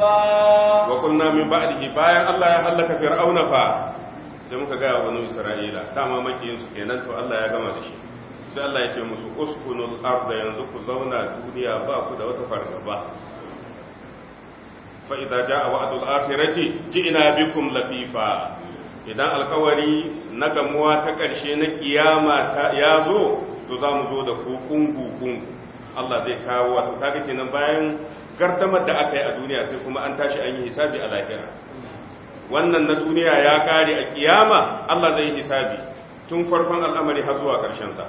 wa kunna min ba'dihi bayan Allah ya halaka fir'auna fa sai muka ga banu isra'ila sama makiyin su kenan to Allah ya gama da shi sai Allah ya ce musu uskunul arda yanzu ku zauna duniya ba ku da wata fargaba fa idza jaa wa'dul akhirati ji'na bikum lafifa idan alkawari na gamuwa ta karshe na kiyama ta yazo to za mu zo da ku kungu kungu Allah zai kawo wato kaga kenan bayan gartamar da aka yi a duniya sai kuma an tashi an yi hisabi a lahira wannan na duniya ya kare a kiyama Allah zai yi hisabi tun farkon al'amari har zuwa karshen sa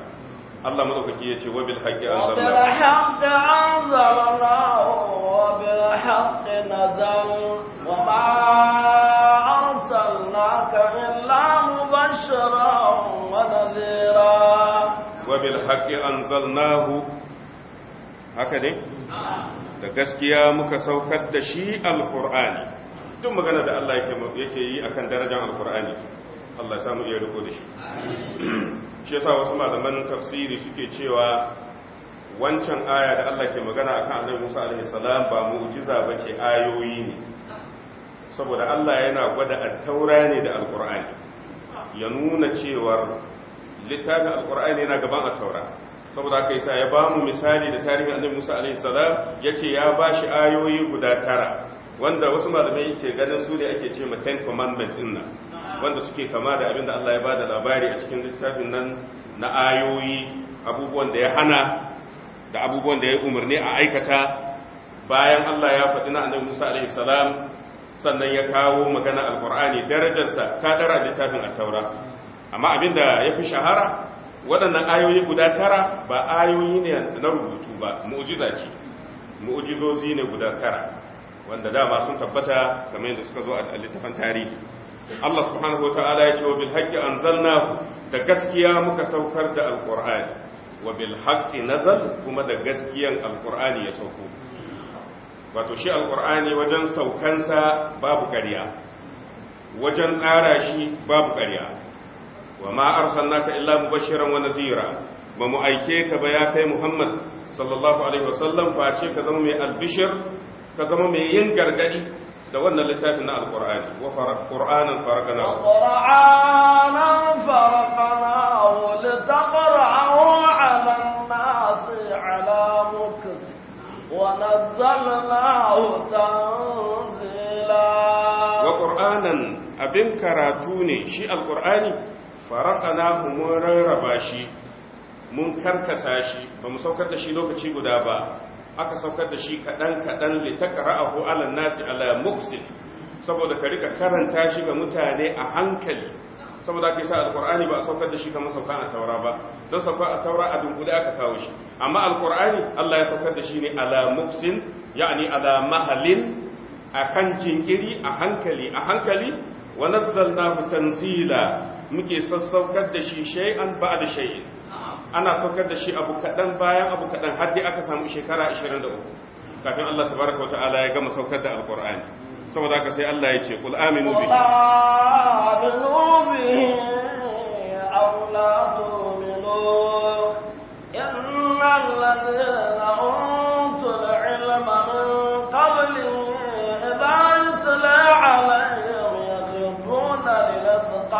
Allah madaukaki yace wa bil haqqi anzalnahu wa bil haqqi nazal wa ma arsalnaka illa mubashiran wa nadhira wa bil haqqi anzalnahu haka ne da gaskiya muka saukar da shi alkur'ani duk magana da Allah yake yi akan darajar alkur'ani Allah ya samu iya riko da shi shi yasa wasu malaman tafsiri suke cewa wancan aya da Allah ke magana akan Annabi Musa alaihi salam ba mu'jiza bace ayoyi ne saboda Allah yana gwada at-taura ne da alkur'ani ya nuna cewa littafin alkur'ani yana gaban at-taura saboda haka isa ya bamu misali da tarihin annabi Musa alaihi salam yace ya ba shi ayoyi guda tara wanda wasu malamai ke ganin su ne ake ce ma ten commandments din nan wanda suke kama da abin da Allah ya ba da labari a cikin littafin nan na ayoyi abubuwan da ya hana da abubuwan da ya umarni a aikata bayan Allah ya faɗi na annabi Musa alaihi salam sannan ya kawo magana alqur'ani darajarsa ta dara littafin at-taura amma abinda fi shahara waɗannan ayoyi guda tara ba ayoyi ne na rubutu ba mu'jiza ce mu'jizozi ne guda tara wanda dama sun tabbata kamar yadda suka zo a littafin tarihi Allah subhanahu wataala ya ce wa bil haqqi anzalnahu da gaskiya muka saukar da alqur'ani wa bil haqqi nazal kuma da gaskiyan alqur'ani ya sauko wato shi alqur'ani wajen saukansa babu ƙarya wajen tsara shi babu ƙarya wa ma arsalnaka illa mubashiran wa nazira ba mu aike ka ba ya kai Muhammad sallallahu alaihi wasallam face ka zama mai albishir ka zama mai yin gargadi da wannan littafin na alqur'ani wa qur'anan farqana qur'anan farqana wa litaqra'u 'ala an-nasi 'ala mukr wa nazzalnahu tanzila wa qur'anan abin karatu ne shi alqur'ani farakana mun rarraba shi mun karkasa shi ba mu saukar da shi lokaci guda ba aka saukar da shi kaɗan-kaɗan litakara ahu alan nasi ala muksin saboda ka rika karanta shi ga mutane a hankali saboda ake sa alkur'ani ba a saukar da shi kamar sauka a taura ba don sauka a taura a dunkule aka kawo shi amma alkur'ani Allah ya saukar da shi ne ala muksin ya'ani ala mahalin kan jinkiri a hankali a hankali wa nazzalnahu tanzila muke sassaukar da shi an ba da shay'in ana saukar da shi abu kaɗan bayan abu kaɗan har dai aka samu shekara 23 kafin Allah tabaraka ta'ala ya gama saukar da alqur'ani saboda haka sai Allah ya ce kul aminu bihi ya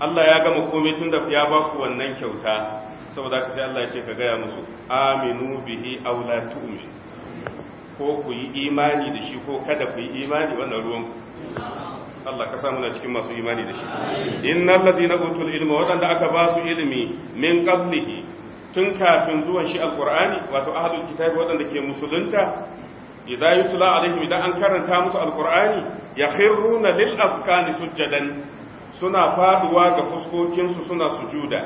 Allah ya gama komai tun da ya ba ku wannan kyauta saboda ka sai Allah ya ce ka gaya musu aminu bihi aw la ko ku yi imani da shi ko kada ku yi imani wannan ruwan Allah ka samu na cikin masu imani da shi innal ladzina utul ilma wadanda aka ba su ilimi min qablihi tun kafin zuwan shi alqur'ani wato ahlul kitabi wadanda ke musulunta idza yutla alaihim idan an karanta musu alqur'ani yakhruna lil afkani sujjadan suna faduwa ga fuskokinsu suna sujuda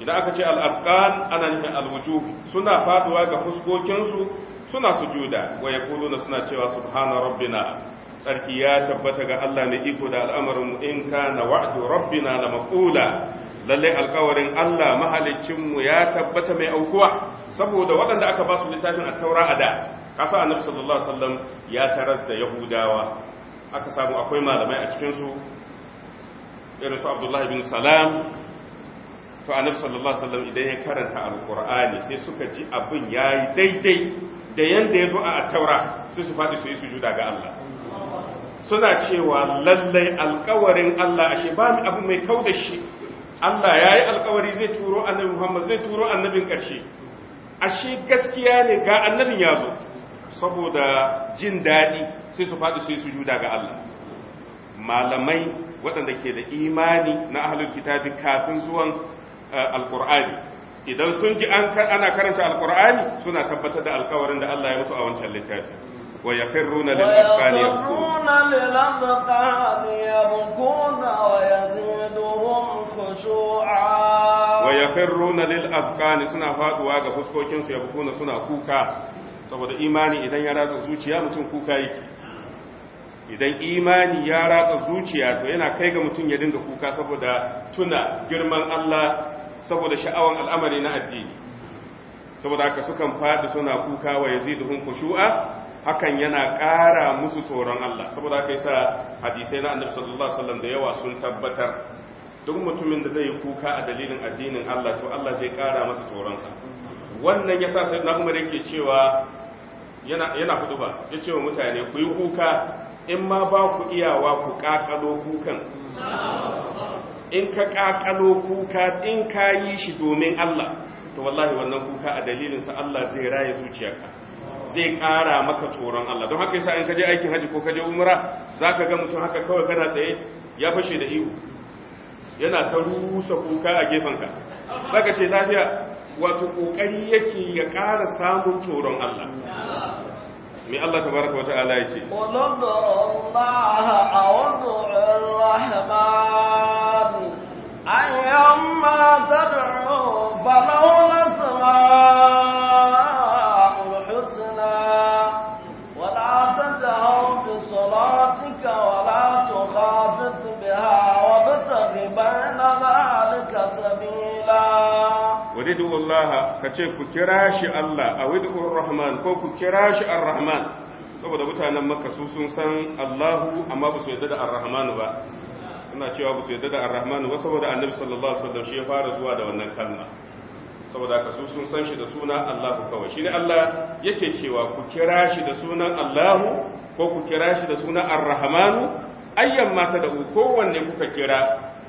idan aka ce al'asƙan ana nufin alwuju suna faduwa ga fuskokinsu suna sujuda waya kuluna suna cewa subhana rabbina tsarki ya tabbata ga Allah mai iko da al'amarin in ka na wa'adu rabbina na maƙula lalle alkawarin Allah mahalicinmu ya tabbata mai aukuwa saboda waɗanda aka ba su littafin a taura a da ƙasa annabi sallallahu alaihi wasallam ya taras da yahudawa aka samu akwai malamai a cikinsu irin su abdullahi bin salam to annabi sallallahu alaihi wasallam idan ya karanta alqur'ani sai suka ji abin yayi daidai da yanda yazo a taura sai su fadi su yi sujuda ga Allah suna cewa lallai alƙawarin Allah ashe ba mu abu mai kau da shi Allah yayi alƙawari zai turo annabi Muhammad zai turo annabin ƙarshe ashe gaskiya ne ga annabin yazo saboda jin daɗi sai su faɗi su juda ga Allah malamai waɗanda ke da imani na ahlul kitabi kafin zuwan eh, Alƙur'ani, idan sun ji ana karanta Alƙur'ani, suna tabbatar da alkawarin da Allah ya musu a wancan littafi ويفرون للأذقان يبكون للأذقان يبكون ويزيدهم خشوعا ويفرون للأذقان سنة فاتوا واقع فسكوكين سيبكون سنة كوكا saboda imani idan ya ratsa zuciya mutum kuka yake idan imani ya ratsa zuciya to yana kai ga mutum ya dinga kuka saboda tuna girman Allah saboda sha'awan al'amari na addini saboda haka sukan faɗi suna kuka wa yaziduhum khushu'a hakan yana ƙara musu tsoron Allah saboda haka yasa hadisi na Annabi sallallahu alaihi wasallam da yawa sun tabbatar duk mutumin da zai yi kuka a dalilin addinin Allah to Allah zai ƙara masa tsoron sa wannan yasa na Umar yake cewa yana hudu ba ya ce wa mutane ku yi kuka in ma ba ku iyawa ku kakalo kukan in ka kakalo kuka in ka yi shi domin Allah to wallahi wannan kuka a dalilinsa Allah zai raye zuciyarka zai ƙara maka tsoron Allah don haka yasa in ka je aikin haji ko ka je umra zaka ga mutum haka kawai kana tsaye ya fashe da ihu yana ta rusa kuka a gefen ka zaka ce lafiya wato kokari yake ya ƙara samun tsoron Allah mai Allah ta baraka wata ala ya ce أيما تدعو فله wadda Allah ka ce ku kira shi Allah a wadda Rahman ko ku kira shi Ar-Rahman saboda mutanen Makka su sun san Allahu amma ba su yadda da Ar-Rahman ba ina cewa ba su yadda da Ar-Rahman ba saboda Annabi sallallahu alaihi wasallam shi ya fara zuwa da wannan kalma saboda ka su sun san shi da suna Allahu kawai shine Allah yake cewa ku kira shi da sunan Allahu ko ku kira shi da sunan Ar-Rahman ayyan mata da kowanne kuka kira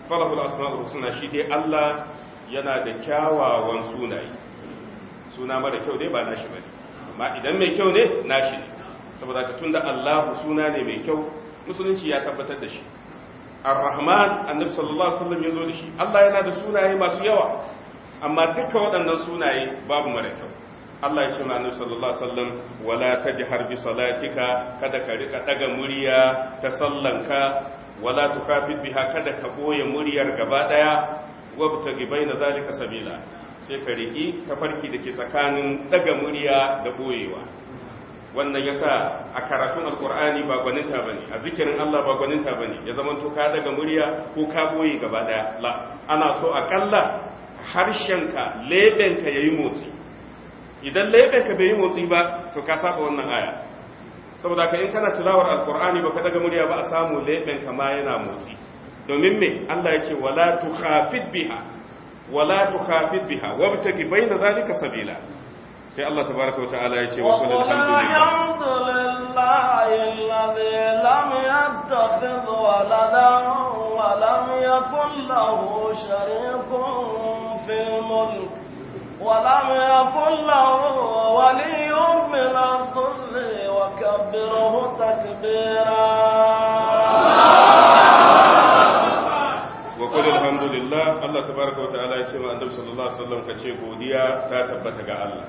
falahul asma'ul husna shi dai Allah yana da kyawawan sunaye suna mara kyau ne ba nashi bane amma idan mai kyau ne nashi ne saboda ka tunda Allahu suna ne mai kyau musulunci ya tabbatar da shi Ar-Rahman Annabi sallallahu alaihi wasallam yazo da shi Allah yana da sunaye masu yawa amma duka waɗannan sunaye babu mara kyau Allah ya ce ma Annabi sallallahu alaihi wasallam wala tajhar bi salatika kada ka rika daga murya ta sallanka wala tukafid biha kada ka boye muryar gaba daya wabtagi na zalika sabila sai ka riki tafarki da ke tsakanin daga murya da boyewa wannan yasa a karatun alkur'ani ba gwaninta bane a zikirin Allah ba gwaninta bane ya zama to ka daga murya ko ka boye gaba daya ana so akalla harshenka ya yayi motsi idan lebenka bai yi motsi ba to ka saba wannan aya saboda ka in kana tilawar alkur'ani baka daga murya ba a samu leɓenka ma yana motsi domin me Allah ya ce wala tukhafid biha wala tukhafid biha wabtaki baina zalika sabila sai Allah tabaraka wa ta'ala ya ce wa qul alhamdulillahi alladhi lam yattakhidh waladan wa lam yakul lahu sharikun fil mulk ولم يكن له ولي من الظل وكبره تكبيرا qul alhamdulillah Allah tabaaraka wa ta'ala ya ce wa annabi sallallahu alaihi wasallam ce godiya ta tabbata ga Allah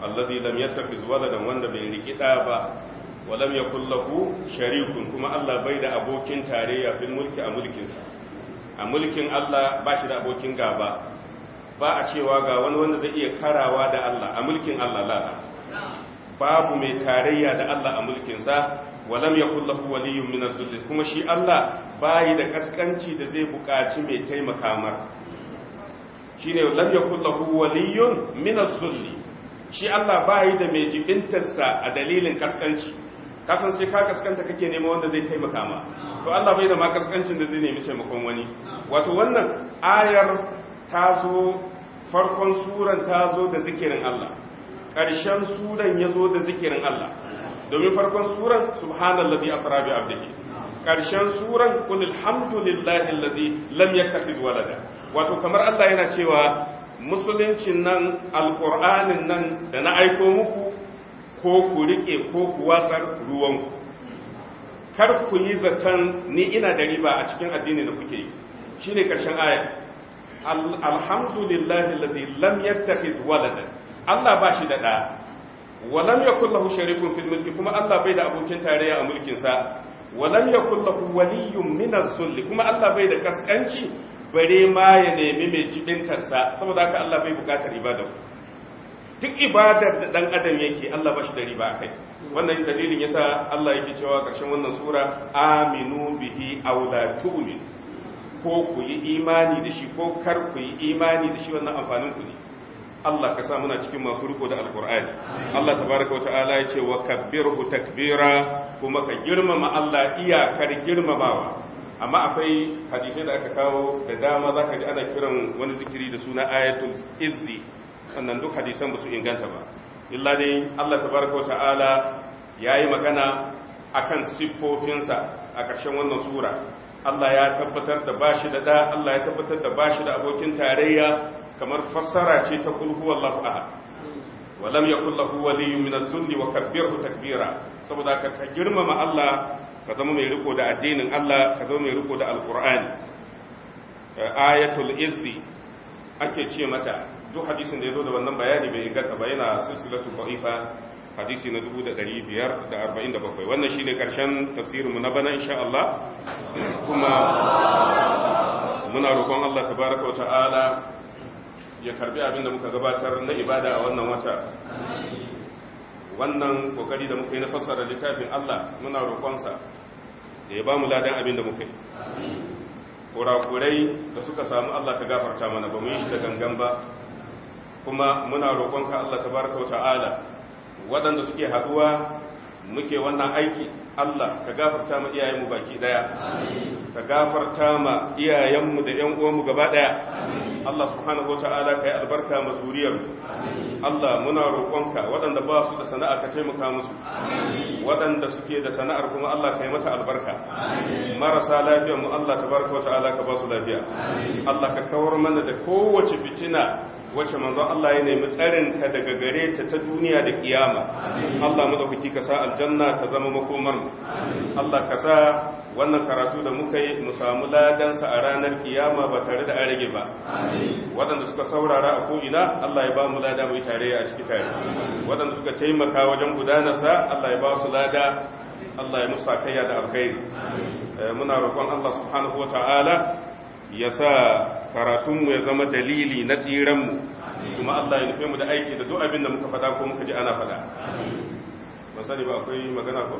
alladhi lam yattakhidh waladan wanda bai riki da ba wa lam yakul lahu sharikun kuma Allah bai da abokin tarayya fil mulki a mulkin sa a mulkin Allah ba shi da abokin gaba ba a cewa ga wani wanda zai iya karawa da Allah a mulkin Allah la babu mai tarayya da Allah a mulkin sa walam yakul lahu waliyyun min al-dhul kuma shi Allah bayi da kaskanci da zai bukaci mai taimaka mar shine lam yakul lahu waliyyun min al-dhul shi Allah bayi da mai jibintarsa a dalilin kaskanci kasan sai ka kaskanta kake nema wanda zai taimaka ma to Allah bai da ma kaskancin da zai nemi taimakon wani wato wannan ayar ta zo farkon suran ta zo da zikirin Allah ƙarshen suran ya zo da zikirin Allah domin farkon suran subhanallazi asra bi abdihi karshen suran qul alhamdulillahi allazi lam yattakhiz walada wato kamar Allah yana cewa musuluncin nan alqur'anin nan da na aiko muku ko ku rike ko ku watsar ruwanku kar ku yi zaton ni ina da riba a cikin addini da kuke yi shine karshen aya alhamdulillahi allazi lam yattakhiz walada Allah ba shi da da walam yakul lahu sharikun fil mulki kuma Allah bai da abokin tarayya a mulkin sa walam yakul lahu waliyyun min az-zull kuma Allah bai da kaskanci bare ma ya nemi mai jibintar sa saboda haka Allah bai bukatar ibada duk ibadar da dan adam yake Allah bashi da riba kai wannan dalilin yasa Allah yake cewa karshen wannan sura aminu bihi aw la tu'min ko ku yi imani da shi ko kar ku yi imani da shi wannan amfanin ku ne Allah ka sa muna cikin masu riko da alkur'ani Allah tabaraka wata'ala ya ce wa kabbirhu takbira kuma ka girmama Allah iyakar girmamawa amma akwai hadisai da aka kawo da dama za zaka ji ana kiran wani zikiri da suna ayatul izzi sannan duk hadisan ba su inganta ba illa ne Allah tabaraka wata'ala yi magana kan siffofinsa a ƙarshen wannan sura Allah ya tabbatar da bashi da da Allah ya tabbatar da bashi da abokin tarayya kamar fassara ce ta kul huwallahu ahad wa lam yakul lahu waliyyun min adh wa kabbirhu takbira saboda ka ka girmama Allah ka zama mai riko da addinin Allah ka zama mai riko da alqur'ani eh, ayatul izzi ake ce mata duk hadisin da yazo da wannan bayani bai inganta ba yana silsilatu da'ifa hadisi na 547 wannan shi ne ƙarshen tafsirinmu na bana insha Allah kuma muna roƙon Allah tabaraka wa ta'ala ya karbi abin da muka gabatar na ibada a wannan wata wannan kokari da muka yi na fassara littafin Allah muna roƙonsa da ya ba mu ladan abin da muka yi kurakurai da suka samu Allah ta gafarta mana ba mu yi shi da gangan ba kuma muna roƙonka Allah ta wa ta'ala waɗanda suke haɗuwa muke wannan aiki Allah ka gafarta mu iyayenmu baki daya ka gafarta ma iyayenmu da ƴan uwanmu gaba daya Allah subhanahu wataala kai albarka ma zuriyar Allah muna roƙonka waɗanda ba su da sana'a ka taimaka musu waɗanda suke da sana'ar kuma Allah kai mata albarka marasa lafiyar mu Allah tabaraka wataala ka ba su lafiya Allah ka kawar mana da kowace fitina wacce manzon Allah ya nemi tsarin ka daga gare ta ta duniya da kiyama Allah mu dauki ka sa aljanna ta zama makomar Allah ka sa wannan karatu da muka yi mu samu ladan sa a ranar kiyama ba tare da an rage ba waɗanda suka saurara a ko ina Allah ya ba mu lada mu tare a ciki tare waɗanda suka taimaka wajen gudanar sa Allah ya ba su lada Allah ya musa ya da alkhairi eh, muna roƙon Allah subhanahu wataala ya sa karatunmu ya zama dalili na tsiranmu kuma Allah ya nufe mu da aiki da duk abin da muka fada ko muka ji ana faɗa. Masani ba akwai magana ko?